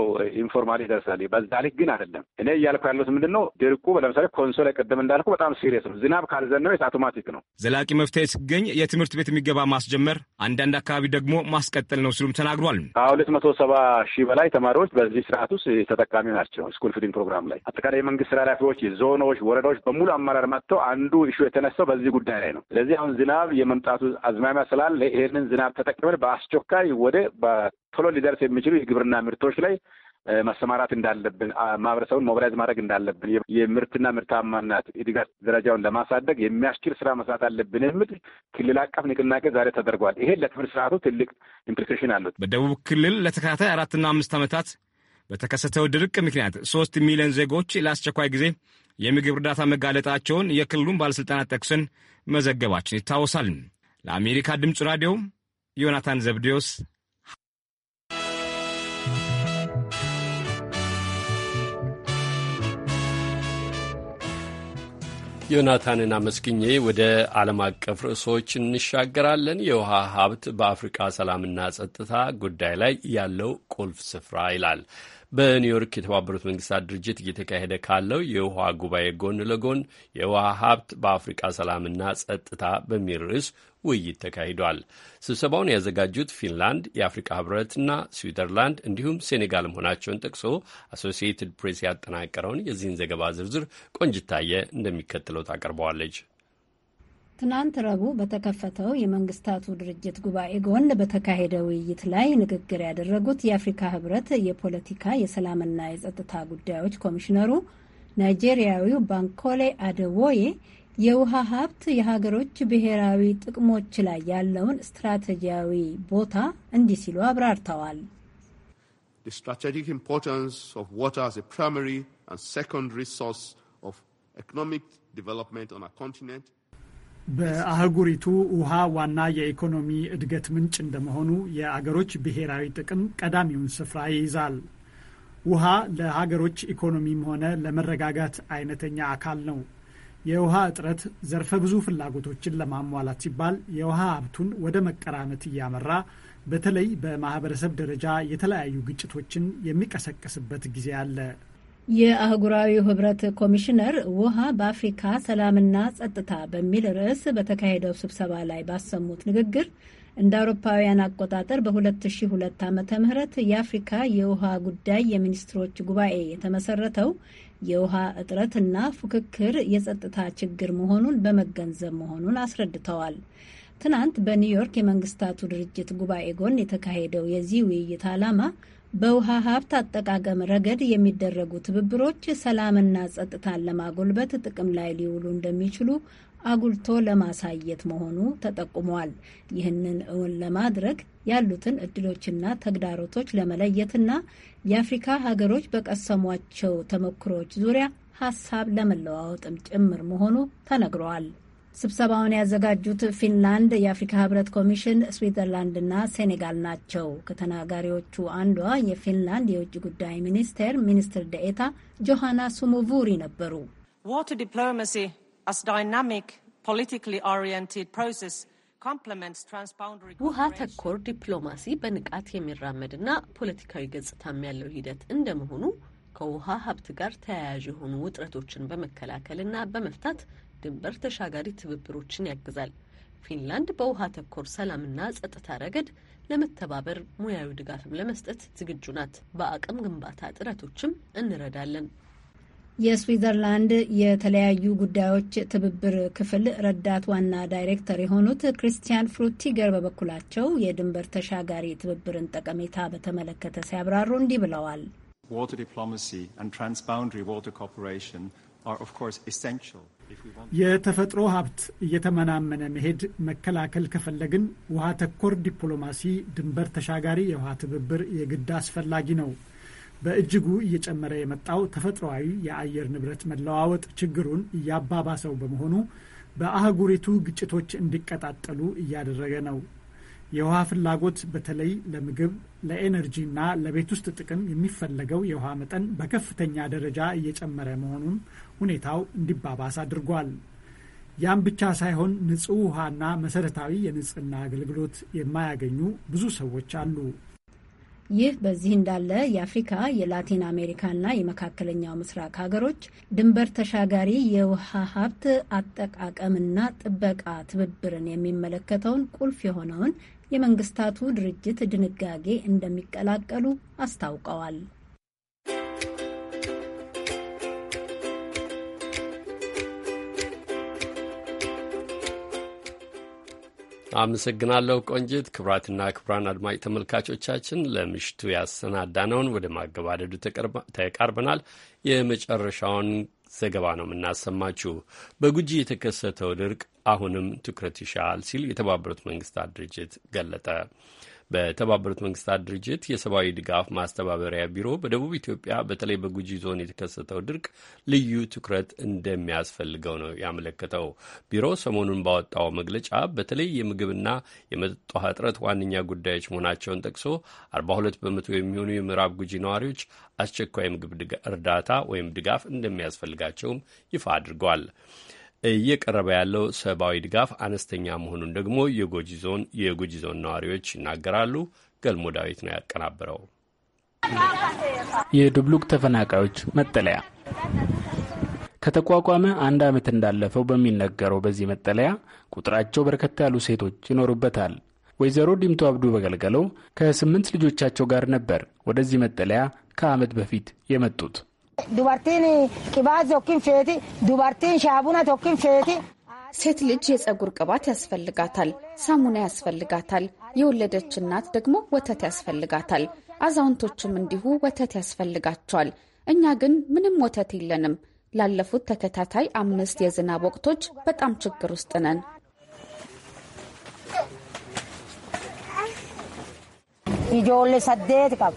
ኢንፎርማሊ ይደርሳል። በዛ ልክ ግን አይደለም። እኔ እያልኩ ያለሁት ምንድን ነው ድርቁ ለምሳሌ ኮንሶ ላይ ቅድም እንዳልኩ በጣም ሲሪየስ ነው። ዝናብ ካልዘነበ አውቶማቲክ ነው። ዘላቂ መፍትሄ ሲገኝ የትምህርት ቤት የሚገባ ማስጀመር፣ አንዳንድ አካባቢ ደግሞ ማስቀጠል ነው ሲሉም ተናግሯል። ከሁለት መቶ ሰባ ሺህ በላይ ተማሪዎች በዚህ ስርዓት ውስጥ ተጠቃሚ ናቸው። ስኩል ፊዲንግ ፕሮግራም ላይ አጠቃላይ የመንግስት ስራ ኃላፊዎች፣ ዞኖች፣ ወረዳዎች በሙሉ አመራር መጥተው አንዱ ኢሹ የተነሳው በዚህ ጉዳይ ላይ ነው። ስለዚህ አሁን ዝናብ የመምጣቱ አዝማሚያ ስላለ ይህንን ዝናብ ተጠቅመን በአስቸኳይ ወደ ቶሎ ሊደርስ የሚችሉ የግብርና ምርቶች ላይ ማሰማራት እንዳለብን ማህበረሰቡን ሞቢላይዝ ማድረግ እንዳለብን የምርትና ምርታማነት እድጋት ደረጃውን ለማሳደግ የሚያስችል ስራ መስራት አለብን የሚል ክልል አቀፍ ንቅናቄ ዛሬ ተደርጓል። ይሄ ለትምህርት ስርዓቱ ትልቅ ኢምፕሊኬሽን አሉት። በደቡብ ክልል ለተከታታይ አራትና አምስት ዓመታት በተከሰተው ድርቅ ምክንያት ሶስት ሚሊዮን ዜጎች ለአስቸኳይ ጊዜ የምግብ እርዳታ መጋለጣቸውን የክልሉን ባለሥልጣናት ጠቅሰን መዘገባችን ይታወሳል። ለአሜሪካ ድምፅ ራዲዮ ዮናታን ዘብዴዎስ ዮናታንን አመስግኜ ወደ ዓለም አቀፍ ርዕሶች እንሻገራለን። የውሃ ሀብት በአፍሪቃ ሰላምና ጸጥታ ጉዳይ ላይ ያለው ቁልፍ ስፍራ ይላል። በኒውዮርክ የተባበሩት መንግስታት ድርጅት እየተካሄደ ካለው የውሃ ጉባኤ ጎን ለጎን የውሃ ሀብት በአፍሪቃ ሰላምና ጸጥታ በሚል ርዕስ ውይይት ተካሂዷል። ስብሰባውን ያዘጋጁት ፊንላንድ፣ የአፍሪካ ህብረትና ስዊዘርላንድ እንዲሁም ሴኔጋል መሆናቸውን ጠቅሶ አሶሲኤትድ ፕሬስ ያጠናቀረውን የዚህን ዘገባ ዝርዝር ቆንጅታየ እንደሚከተለው ታቀርበዋለች። ትናንት ረቡዕ በተከፈተው የመንግስታቱ ድርጅት ጉባኤ ጎን በተካሄደ ውይይት ላይ ንግግር ያደረጉት የአፍሪካ ህብረት የፖለቲካ የሰላምና የጸጥታ ጉዳዮች ኮሚሽነሩ ናይጄሪያዊው ባንኮሌ አደዎዬ የውሃ ሀብት የሀገሮች ብሔራዊ ጥቅሞች ላይ ያለውን ስትራቴጂያዊ ቦታ እንዲህ ሲሉ አብራርተዋል። በአህጉሪቱ ውሃ ዋና የኢኮኖሚ እድገት ምንጭ እንደመሆኑ የአገሮች ብሔራዊ ጥቅም ቀዳሚውን ስፍራ ይይዛል። ውሃ ለሀገሮች ኢኮኖሚም ሆነ ለመረጋጋት አይነተኛ አካል ነው። የውሃ እጥረት ዘርፈ ብዙ ፍላጎቶችን ለማሟላት ሲባል የውሃ ሀብቱን ወደ መቀራመት እያመራ በተለይ በማህበረሰብ ደረጃ የተለያዩ ግጭቶችን የሚቀሰቅስበት ጊዜ አለ። የአህጉራዊ ህብረት ኮሚሽነር ውሃ በአፍሪካ ሰላምና ጸጥታ በሚል ርዕስ በተካሄደው ስብሰባ ላይ ባሰሙት ንግግር እንደ አውሮፓውያን አቆጣጠር በ2002 ዓ ም የአፍሪካ የውሃ ጉዳይ የሚኒስትሮች ጉባኤ የተመሰረተው የውሃ እጥረትና ፉክክር የጸጥታ ችግር መሆኑን በመገንዘብ መሆኑን አስረድተዋል። ትናንት በኒውዮርክ የመንግስታቱ ድርጅት ጉባኤ ጎን የተካሄደው የዚህ ውይይት ዓላማ በውሃ ሀብት አጠቃቀም ረገድ የሚደረጉ ትብብሮች ሰላምና ጸጥታን ለማጎልበት ጥቅም ላይ ሊውሉ እንደሚችሉ አጉልቶ ለማሳየት መሆኑ ተጠቁሟል። ይህንን እውን ለማድረግ ያሉትን እድሎችና ተግዳሮቶች ለመለየትና የአፍሪካ ሀገሮች በቀሰሟቸው ተሞክሮዎች ዙሪያ ሀሳብ ለመለዋወጥም ጭምር መሆኑ ተነግረዋል። ስብሰባውን ያዘጋጁት ፊንላንድ፣ የአፍሪካ ህብረት ኮሚሽን፣ ስዊዘርላንድና ሴኔጋል ናቸው። ከተናጋሪዎቹ አንዷ የፊንላንድ የውጭ ጉዳይ ሚኒስቴር ሚኒስትር ደኤታ ጆሃና ሱሙቡሪ ነበሩ። ዋት ዲፕሎማሲ ውሃ ተኮር ዲፕሎማሲ በንቃት የሚራመድና ፖለቲካዊ ገጽታም ያለው ሂደት እንደመሆኑ ከውሃ ሀብት ጋር ተያያዥ የሆኑ ውጥረቶችን በመከላከልና በመፍታት ድንበር ተሻጋሪ ትብብሮችን ያግዛል። ፊንላንድ በውሃ ተኮር ሰላምና ጸጥታ ረገድ ለመተባበር ሙያዊ ድጋፍም ለመስጠት ዝግጁ ናት። በአቅም ግንባታ ጥረቶችም እንረዳለን። የስዊዘርላንድ የተለያዩ ጉዳዮች ትብብር ክፍል ረዳት ዋና ዳይሬክተር የሆኑት ክሪስቲያን ፍሩቲገር በበኩላቸው የድንበር ተሻጋሪ ትብብርን ጠቀሜታ በተመለከተ ሲያብራሩ እንዲህ ብለዋል። የተፈጥሮ ሀብት እየተመናመነ መሄድ መከላከል ከፈለግን ውሃ ተኮር ዲፕሎማሲ፣ ድንበር ተሻጋሪ የውሃ ትብብር የግድ አስፈላጊ ነው። በእጅጉ እየጨመረ የመጣው ተፈጥሯዊ የአየር ንብረት መለዋወጥ ችግሩን እያባባሰው በመሆኑ በአህጉሪቱ ግጭቶች እንዲቀጣጠሉ እያደረገ ነው። የውሃ ፍላጎት በተለይ ለምግብ፣ ለኤነርጂ እና ለቤት ውስጥ ጥቅም የሚፈለገው የውሃ መጠን በከፍተኛ ደረጃ እየጨመረ መሆኑን ሁኔታው እንዲባባስ አድርጓል። ያም ብቻ ሳይሆን ንጹህ ውሃና መሰረታዊ የንጽህና አገልግሎት የማያገኙ ብዙ ሰዎች አሉ። ይህ በዚህ እንዳለ የአፍሪካ የላቲን አሜሪካና የመካከለኛው ምስራቅ ሀገሮች ድንበር ተሻጋሪ የውሃ ሀብት አጠቃቀምና ጥበቃ ትብብርን የሚመለከተውን ቁልፍ የሆነውን የመንግስታቱ ድርጅት ድንጋጌ እንደሚቀላቀሉ አስታውቀዋል። አመሰግናለሁ ቆንጂት። ክብራትና ክብራን አድማጭ ተመልካቾቻችን ለምሽቱ ያሰናዳነውን ወደ ማገባደዱ ተቃርበናል። የመጨረሻውን ዘገባ ነው የምናሰማችሁ። በጉጂ የተከሰተው ድርቅ አሁንም ትኩረት ይሻል ሲል የተባበሩት መንግስታት ድርጅት ገለጠ። በተባበሩት መንግስታት ድርጅት የሰብአዊ ድጋፍ ማስተባበሪያ ቢሮ በደቡብ ኢትዮጵያ በተለይ በጉጂ ዞን የተከሰተው ድርቅ ልዩ ትኩረት እንደሚያስፈልገው ነው ያመለከተው። ቢሮ ሰሞኑን ባወጣው መግለጫ በተለይ የምግብና የመጠጥ ውሃ እጥረት ዋነኛ ጉዳዮች መሆናቸውን ጠቅሶ 42 በመቶ የሚሆኑ የምዕራብ ጉጂ ነዋሪዎች አስቸኳይ ምግብ እርዳታ ወይም ድጋፍ እንደሚያስፈልጋቸውም ይፋ አድርገዋል። እየቀረበ ያለው ሰብአዊ ድጋፍ አነስተኛ መሆኑን ደግሞ የጎጂ ዞን የጎጂ ዞን ነዋሪዎች ይናገራሉ። ገልሞ ዳዊት ነው ያቀናበረው። የዱብሉቅ ተፈናቃዮች መጠለያ ከተቋቋመ አንድ ዓመት እንዳለፈው በሚነገረው በዚህ መጠለያ ቁጥራቸው በርከት ያሉ ሴቶች ይኖሩበታል። ወይዘሮ ዲምቶ አብዱ በገልገለው ከስምንት ልጆቻቸው ጋር ነበር ወደዚህ መጠለያ ከዓመት በፊት የመጡት። dubartiin ቅባት ቶኪን feeti dubartiin ሻቡና ቶኪን feeti. ሴት ልጅ የፀጉር ቅባት ያስፈልጋታል፣ ሳሙና ያስፈልጋታል። የወለደች እናት ደግሞ ወተት ያስፈልጋታል። አዛውንቶችም እንዲሁ ወተት ያስፈልጋቸዋል። እኛ ግን ምንም ወተት የለንም። ላለፉት ተከታታይ አምስት የዝናብ ወቅቶች በጣም ችግር ውስጥ ነን። ijoollee saddeet qaba.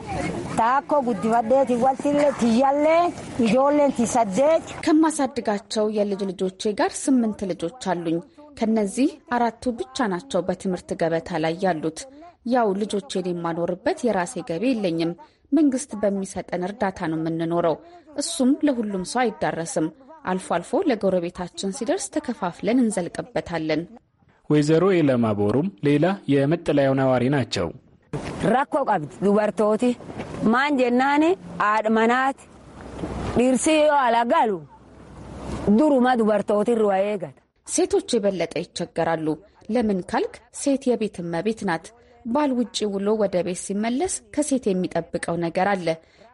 Taakko guddifaddeet waltillee tiyyallee ijoolleen saddeet. ከማሳድጋቸው የልጅ ልጆቼ ጋር ስምንት ልጆች አሉኝ። ከነዚህ አራቱ ብቻ ናቸው በትምህርት ገበታ ላይ ያሉት። ያው ልጆቼን የማኖርበት የራሴ ገቢ የለኝም። መንግስት በሚሰጠን እርዳታ ነው የምንኖረው። እሱም ለሁሉም ሰው አይዳረስም። አልፎ አልፎ ለጎረቤታችን ሲደርስ ተከፋፍለን እንዘልቅበታለን። ወይዘሮ የለማ ቦሩም ሌላ የመጠለያው ነዋሪ ናቸው። rakkoo qabdi dubartooti maan jennaan manaati dhirsi yoo galu duruma dubartootirra waa eegata ሴቶች የበለጠ ይቸገራሉ። ለምን ካልክ ሴት የቤት እመቤት ናት። ባል ውጭ ውሎ ወደ ቤት ሲመለስ ከሴት የሚጠብቀው ነገር አለ።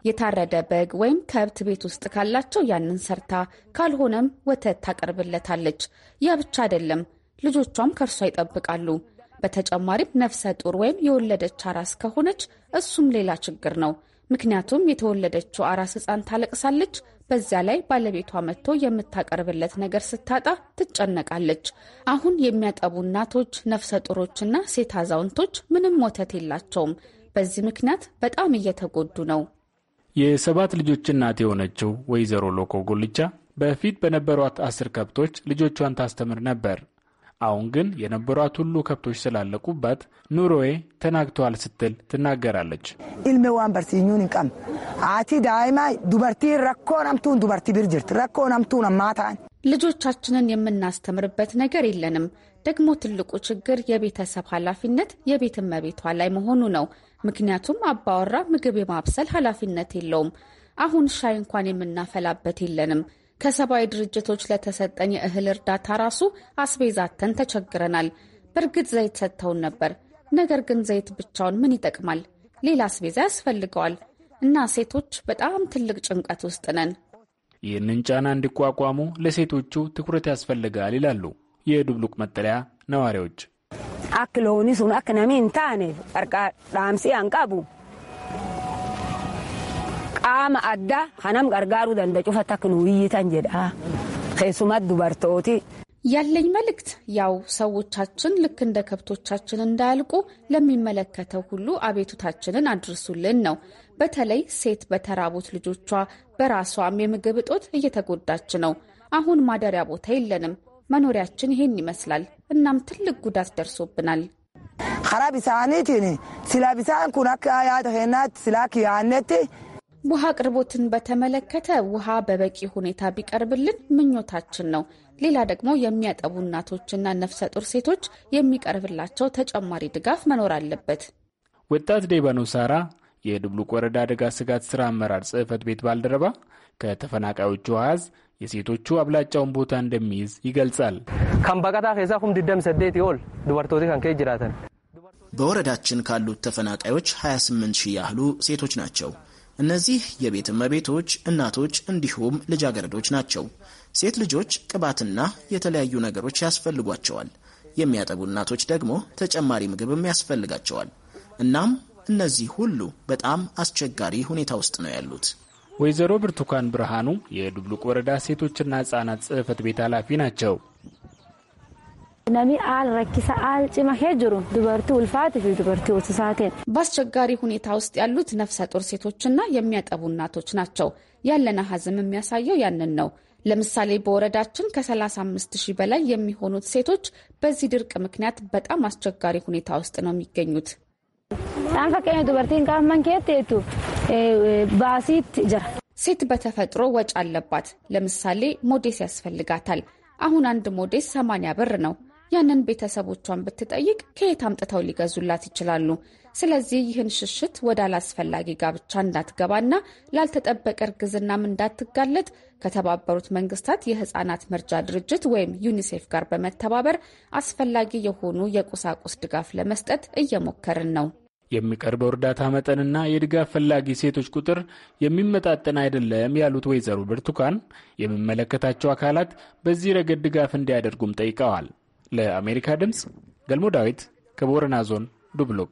የታረደ በግ ወይም ከብት ቤት ውስጥ ካላቸው ያንን ሰርታ፣ ካልሆነም ወተት ታቀርብለታለች። ያ ብቻ አይደለም፣ ልጆቿም ከእርሷ ይጠብቃሉ። በተጨማሪም ነፍሰ ጡር ወይም የወለደች አራስ ከሆነች እሱም ሌላ ችግር ነው። ምክንያቱም የተወለደችው አራስ ህፃን ታለቅሳለች። በዚያ ላይ ባለቤቷ መጥቶ የምታቀርብለት ነገር ስታጣ ትጨነቃለች። አሁን የሚያጠቡ እናቶች፣ ነፍሰ ጡሮችና ሴት አዛውንቶች ምንም ወተት የላቸውም። በዚህ ምክንያት በጣም እየተጎዱ ነው። የሰባት ልጆች እናት የሆነችው ወይዘሮ ሎኮ ጉልቻ በፊት በነበሯት አስር ከብቶች ልጆቿን ታስተምር ነበር። አሁን ግን የነበሯት ሁሉ ከብቶች ስላለቁባት ኑሮዬ ተናግተዋል ስትል ትናገራለች። ኢልሜዋን በርሲኙን አቲ ዳይማ ዱበርቲ ረኮ ነምቱን ዱበርቲ ብርጅርት ረኮ ነምቱን ልጆቻችንን የምናስተምርበት ነገር የለንም። ደግሞ ትልቁ ችግር የቤተሰብ ኃላፊነት የቤት እመቤቷ ላይ መሆኑ ነው። ምክንያቱም አባወራ ምግብ የማብሰል ኃላፊነት የለውም። አሁን ሻይ እንኳን የምናፈላበት የለንም። ከሰብአዊ ድርጅቶች ለተሰጠን የእህል እርዳታ ራሱ አስቤዛተን ተቸግረናል። በእርግጥ ዘይት ሰጥተውን ነበር። ነገር ግን ዘይት ብቻውን ምን ይጠቅማል? ሌላ አስቤዛ ያስፈልገዋል። እና ሴቶች በጣም ትልቅ ጭንቀት ውስጥ ነን። ይህንን ጫና እንዲቋቋሙ ለሴቶቹ ትኩረት ያስፈልጋል ይላሉ የዱብሉቅ መጠለያ ነዋሪዎች። አክሎኒ ሱን ቀርቃ ዳምሲ አንቃቡ qaama addaa kanam gargaaruu danda'a cufa takka takkin wuyyitan jedha Keessumaa dubartooti. ያለኝ መልእክት ያው ሰዎቻችን ልክ እንደ ከብቶቻችን እንዳያልቁ ለሚመለከተው ሁሉ አቤቱታችንን አድርሱልን ነው። በተለይ ሴት በተራቡት ልጆቿ፣ በራሷም የምግብ እጦት እየተጎዳች ነው። አሁን ማደሪያ ቦታ የለንም። መኖሪያችን ይሄን ይመስላል። እናም ትልቅ ጉዳት ደርሶብናል። ራ ቢሳኒትን ስላ ቢሳን ኩን አካ ያተናት ስላ ውሃ አቅርቦትን በተመለከተ ውሃ በበቂ ሁኔታ ቢቀርብልን ምኞታችን ነው። ሌላ ደግሞ የሚያጠቡ እናቶችና ነፍሰ ጡር ሴቶች የሚቀርብላቸው ተጨማሪ ድጋፍ መኖር አለበት። ወጣት ዴባኖ ሳራ የድብሉቅ ወረዳ አደጋ ስጋት ስራ አመራር ጽህፈት ቤት ባልደረባ ከተፈናቃዮቹ አሃዝ የሴቶቹ አብላጫውን ቦታ እንደሚይዝ ይገልጻል። ሁም ድደም ከንከ ጅራተን በወረዳችን ካሉት ተፈናቃዮች 28 ሺህ ያህሉ ሴቶች ናቸው። እነዚህ የቤት እመቤቶች፣ እናቶች እንዲሁም ልጃገረዶች ናቸው። ሴት ልጆች ቅባትና የተለያዩ ነገሮች ያስፈልጓቸዋል። የሚያጠቡ እናቶች ደግሞ ተጨማሪ ምግብም ያስፈልጋቸዋል። እናም እነዚህ ሁሉ በጣም አስቸጋሪ ሁኔታ ውስጥ ነው ያሉት። ወይዘሮ ብርቱካን ብርሃኑ የዱብሉቅ ወረዳ ሴቶችና ህጻናት ጽህፈት ቤት ኃላፊ ናቸው። namni al rakkisa al cima hee jiru dubartii ulfaatii fi dubartii በአስቸጋሪ ሁኔታ ውስጥ ያሉት ነፍሰ ጡር ሴቶችና የሚያጠቡ እናቶች ናቸው። ያለን አሀዝም የሚያሳየው ያንን ነው። ለምሳሌ በወረዳችን ከ35 ሺህ በላይ የሚሆኑት ሴቶች በዚህ ድርቅ ምክንያት በጣም አስቸጋሪ ሁኔታ ውስጥ ነው የሚገኙት። ሴት በተፈጥሮ ወጪ አለባት። ለምሳሌ ሞዴስ ያስፈልጋታል። አሁን አንድ ሞዴስ 80 ብር ነው። ያንን ቤተሰቦቿን ብትጠይቅ ከየት አምጥተው ሊገዙላት ይችላሉ። ስለዚህ ይህን ሽሽት ወደ አላስፈላጊ ጋብቻ እንዳትገባና ላልተጠበቀ እርግዝናም እንዳትጋለጥ ከተባበሩት መንግስታት የህፃናት መርጃ ድርጅት ወይም ዩኒሴፍ ጋር በመተባበር አስፈላጊ የሆኑ የቁሳቁስ ድጋፍ ለመስጠት እየሞከርን ነው። የሚቀርበው እርዳታ መጠንና የድጋፍ ፈላጊ ሴቶች ቁጥር የሚመጣጠን አይደለም ያሉት ወይዘሮ ብርቱካን የሚመለከታቸው አካላት በዚህ ረገድ ድጋፍ እንዲያደርጉም ጠይቀዋል። ለአሜሪካ ድምፅ ገልሞ ዳዊት ከቦረና ዞን ዱብሎቅ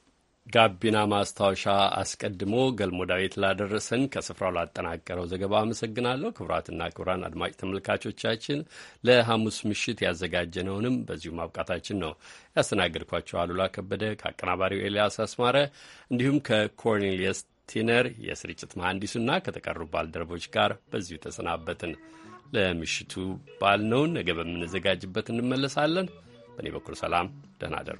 ጋቢና ማስታወሻ አስቀድሞ ገልሞ ዳዊት ላደረሰን ከስፍራው ላጠናቀረው ዘገባ አመሰግናለሁ። ክቡራትና ክቡራን አድማጭ ተመልካቾቻችን ለሐሙስ ምሽት ያዘጋጀነውንም በዚሁ ማብቃታችን ነው። ያስተናገድኳቸው አሉላ ከበደ ከአቀናባሪው ኤልያስ አስማረ እንዲሁም ከኮርኔሊየስ ቲነር የስርጭት መሐንዲሱና ከተቀሩ ባልደረቦች ጋር በዚሁ ተሰናበትን። ለምሽቱ ባልነውን ነገ በምንዘጋጅበት እንመለሳለን። በእኔ በኩል ሰላም፣ ደህና አደሩ።